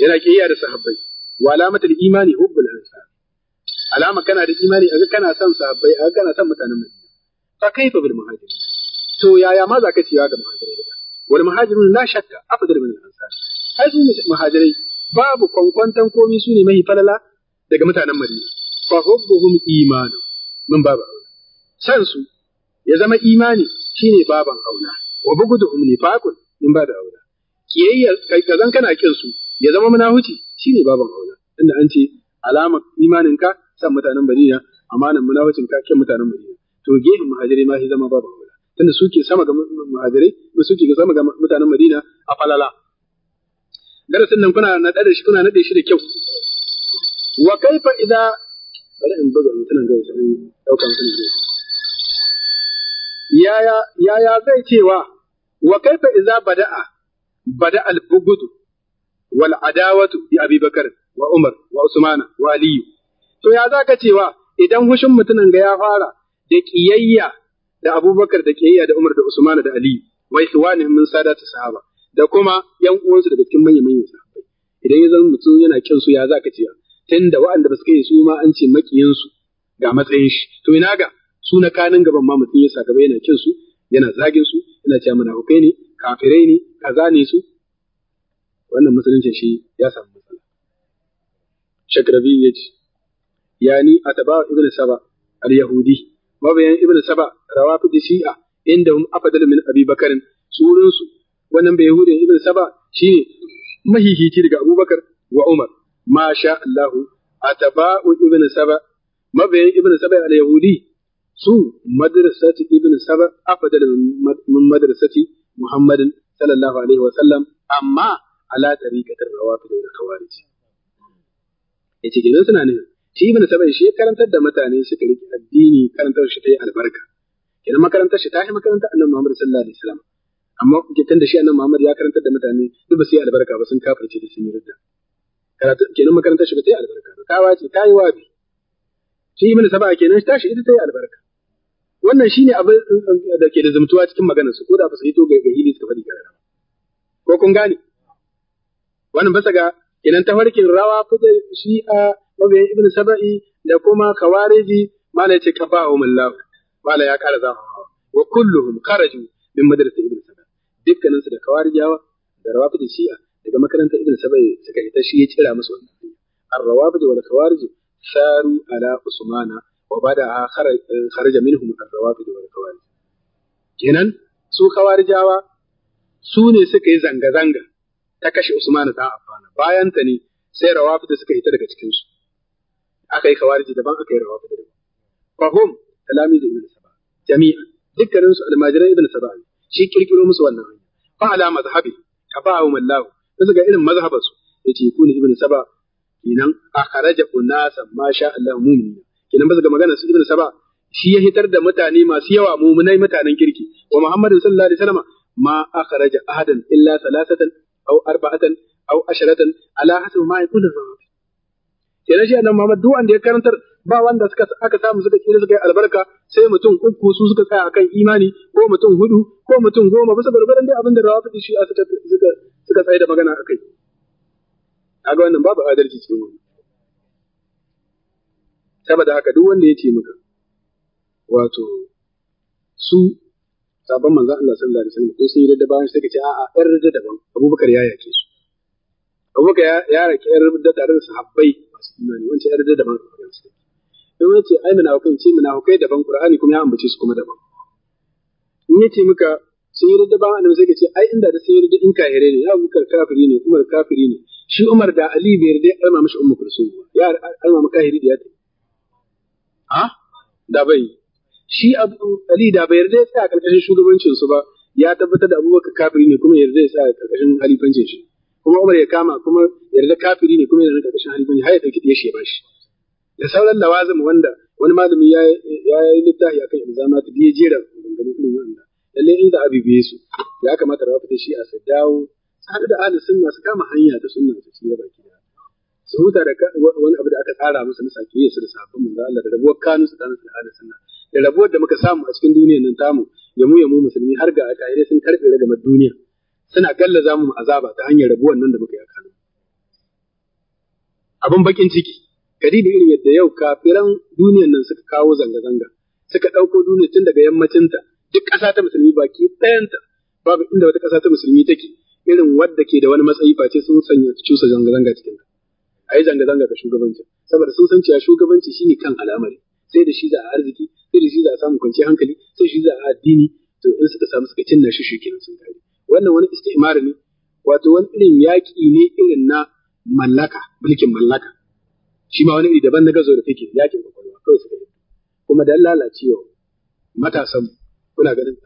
yana kiyayya da sahabbai wa alamatul imani hubbul ansar alama kana da imani a ga kana son sahabbai a ga kana son mutanen Madina fa kaifa bil muhajirin to yaya ma ka cewa ga muhajirai da? wal muhajirun la shakka afdal min al ansar ai su muhajirai babu kwankwantan komi su ne mai falala daga mutanen Madina fa hubbuhum imanu mun babu san su ya zama imani shine baban aula wa bugu da umni nifaqun min ba da aula kiyayya kazan kana kin su ya zama munahuci shine baban aula inda an ce alama imaninka san mutanen Madina amanan munahucin ka kin mutanen Madina to gehin muhajiri ma shi zama baban aula tunda suke sama ga muhajirai ba suke sama ga mutanen Madina a falala darasin nan kuna na da shi kuna nade shi da kyau wa kaifa idza bari in buga mutanen ga in daukan sunan yaya zai cewa wa kaifa iza bada'a bada al wal adawatu bi Abi wa Umar wa usman, wa Aliyu to ya zaka cewa idan hushin mutumin ga ya fara da kiyayya da Abubakar da kiyayya da Umar da usman, da Aliyu wai ikhwanihim min ta sahaba da kuma yan uwansu da cikin manyan manyan sahabbai idan ya zama mutum yana kin su ya zaka cewa tunda waɗanda ba su kai su ma an ce makiyansu ga matsayin shi to ina ga su na kanin gaban ma mutum ya sa gaba yana kin su yana zagin su yana cewa munafukai ne kafirai ne kaza ne su wannan musulunci shi ya samu matsala shakrabi ya ce a ataba ibn saba al-yahudi mabayan ibn saba fi shi'a inda hum afdal min abi bakarin surun su wannan bai yahudi ibn saba shine mahihici daga abubakar wa umar ma sha Allah ataba ibn saba mabayan ibn saba al-yahudi su madrasati ibn saba afdal min madrasati muhammadin sallallahu alaihi wa sallam amma ala tariqatir rawafid wal khawarij yace gidan suna ne shi ibn saba shi karantar da mutane suka riki addini karantar shi ta yi albarka kenan makarantar shi ta yi makarantar annabi muhammad sallallahu alaihi wa sallam amma kitan da shi annabi Muhammad ya karantar da mutane duk ba su yi albarka ba sun kafirce da sun yi ridda kenan makarantar shi ba ta yi albarka ba kawa ce ta yi wabi shi ibn saba kenan shi tashi ita ta yi albarka wannan shi ne abin eh, eh, da ke da zumtuwa cikin maganarsu, ko da ba su toga ga hili suka faɗi gara ko kun gane wannan basa ga idan ta farkin rawa fita shi'a mabiyan ibn saba'i da kuma kawariji mala yace kafahu millahu mala ya kara zama wa kulluhum kharaju min madarsa ibn saba'i dukkanin su da kawarijawa da rawafid shi'a daga makarantar ibn saba'i suka ita shi ya cira musu wannan ar-rawafid wal kawarij saru ala usmana wa bada kharaja minhum ar-rawafid wal khawarij kenan su khawarijawa su ne suka yi zanga zanga ta kashe Usman ta Affan bayan ta ne sai rawafid suka yi ta daga cikin su aka yi khawariji daban aka yi rawafid daban fa hum da ibn saba jami'an dukkanin su almajiran ibn saba shi kirkiro musu wannan hanya fa ala mazhabi kafahu mallahu su ga irin mazhabansu yace kuni ibn saba kinan akhraja unasan ma sha Allah mu'minin kenan ba ga magana su ibn saba shi ya hitar da mutane masu yawa mumunai mutanen kirki wa muhammadu sallallahu alaihi wasallam ma akhraja ahadan illa salasatan aw arba'atan aw asharatan ala hasab ma yakunu rawi kenan shi annabi muhammad duk wanda ya karantar ba wanda suka aka samu suka kira suka yi albarka sai mutum uku su suka tsaya akan imani ko mutum hudu ko mutum goma bisa gargaran dai abin da rawafi shi a suka suka tsaya da magana akai kaga wannan babu adalci cikin wannan da haka duk wanda ya ce maka wato su sabon manzon Allah sallallahu alaihi wasallam ko sun yi da daban sai ka ce a'a yar da daban Abubakar ya yake su Abubakar ya rake yar da tare da sahabbai masu imani wancan yar da daban Abubakar su in ya ce ai munafukai ce munafukai daban Qur'ani kuma ya ambace su kuma daban in ya ce maka sun yi da bayan annabi sai ka ce ai inda da sun yi da in kahire ne ya Abubakar kafiri ne Umar kafiri ne shi Umar da Ali bai yarda ya alma mishi ummu kulsum ya alma makahiri da ya tafi a da bai shi Ali da bai yarda ya a ƙarƙashin shugabancin su ba ya tabbatar da Abubakar kafiri ne kuma yarda ya a ƙarƙashin halifancin shi kuma Umar ya kama kuma yarda kafiri ne kuma yarda ƙarƙashin halifancin har ya dauki ya sheba shi da sauran lawazim wanda wani malami ya ya yi littafi akan ilzama ta biye jera maganganun irin wanda lalle inda abi biye su ya kamata rafa shi a su dawo har da ahli sunna su kama hanya ta sunna su ci gaba ki da su huta da wani abu da aka tsara musu na sakiyar su da mu ga Allah da rabuwar kanu su dan sana'a da sunna da rabuwar da muka samu a cikin duniyar nan tamu ya mu ya mu musulmi har ga alƙairai sun karɓe ragamar duniya suna gallaza mu azaba ta hanyar rabuwar nan da muka yi a kanu abin bakin ciki kadi da irin yadda yau kafiran duniyar nan suka kawo zanga-zanga suka ɗauko duniya tun daga yammacinta duk ƙasa ta musulmi baki ɗayanta babu inda wata ƙasa ta musulmi take irin wadda ke da wani matsayi face sun sanya cusa zanga-zanga cikin ta a yi zanga-zanga ga shugabanci saboda sun san cewa shugabanci shine kan al'amari sai da shi za a arziki sai da shi za a samu kwanciyar hankali sai shi za a addini to in suka samu suka cinna shi shi kenan sun kare wannan wani istimar ne wato wani irin yaƙi ne irin na mallaka mulkin mallaka shi ma wani iri daban na gazo da take yaƙin kwakwalwa kawai suka yi kuma da lalacewa matasan kuna ganin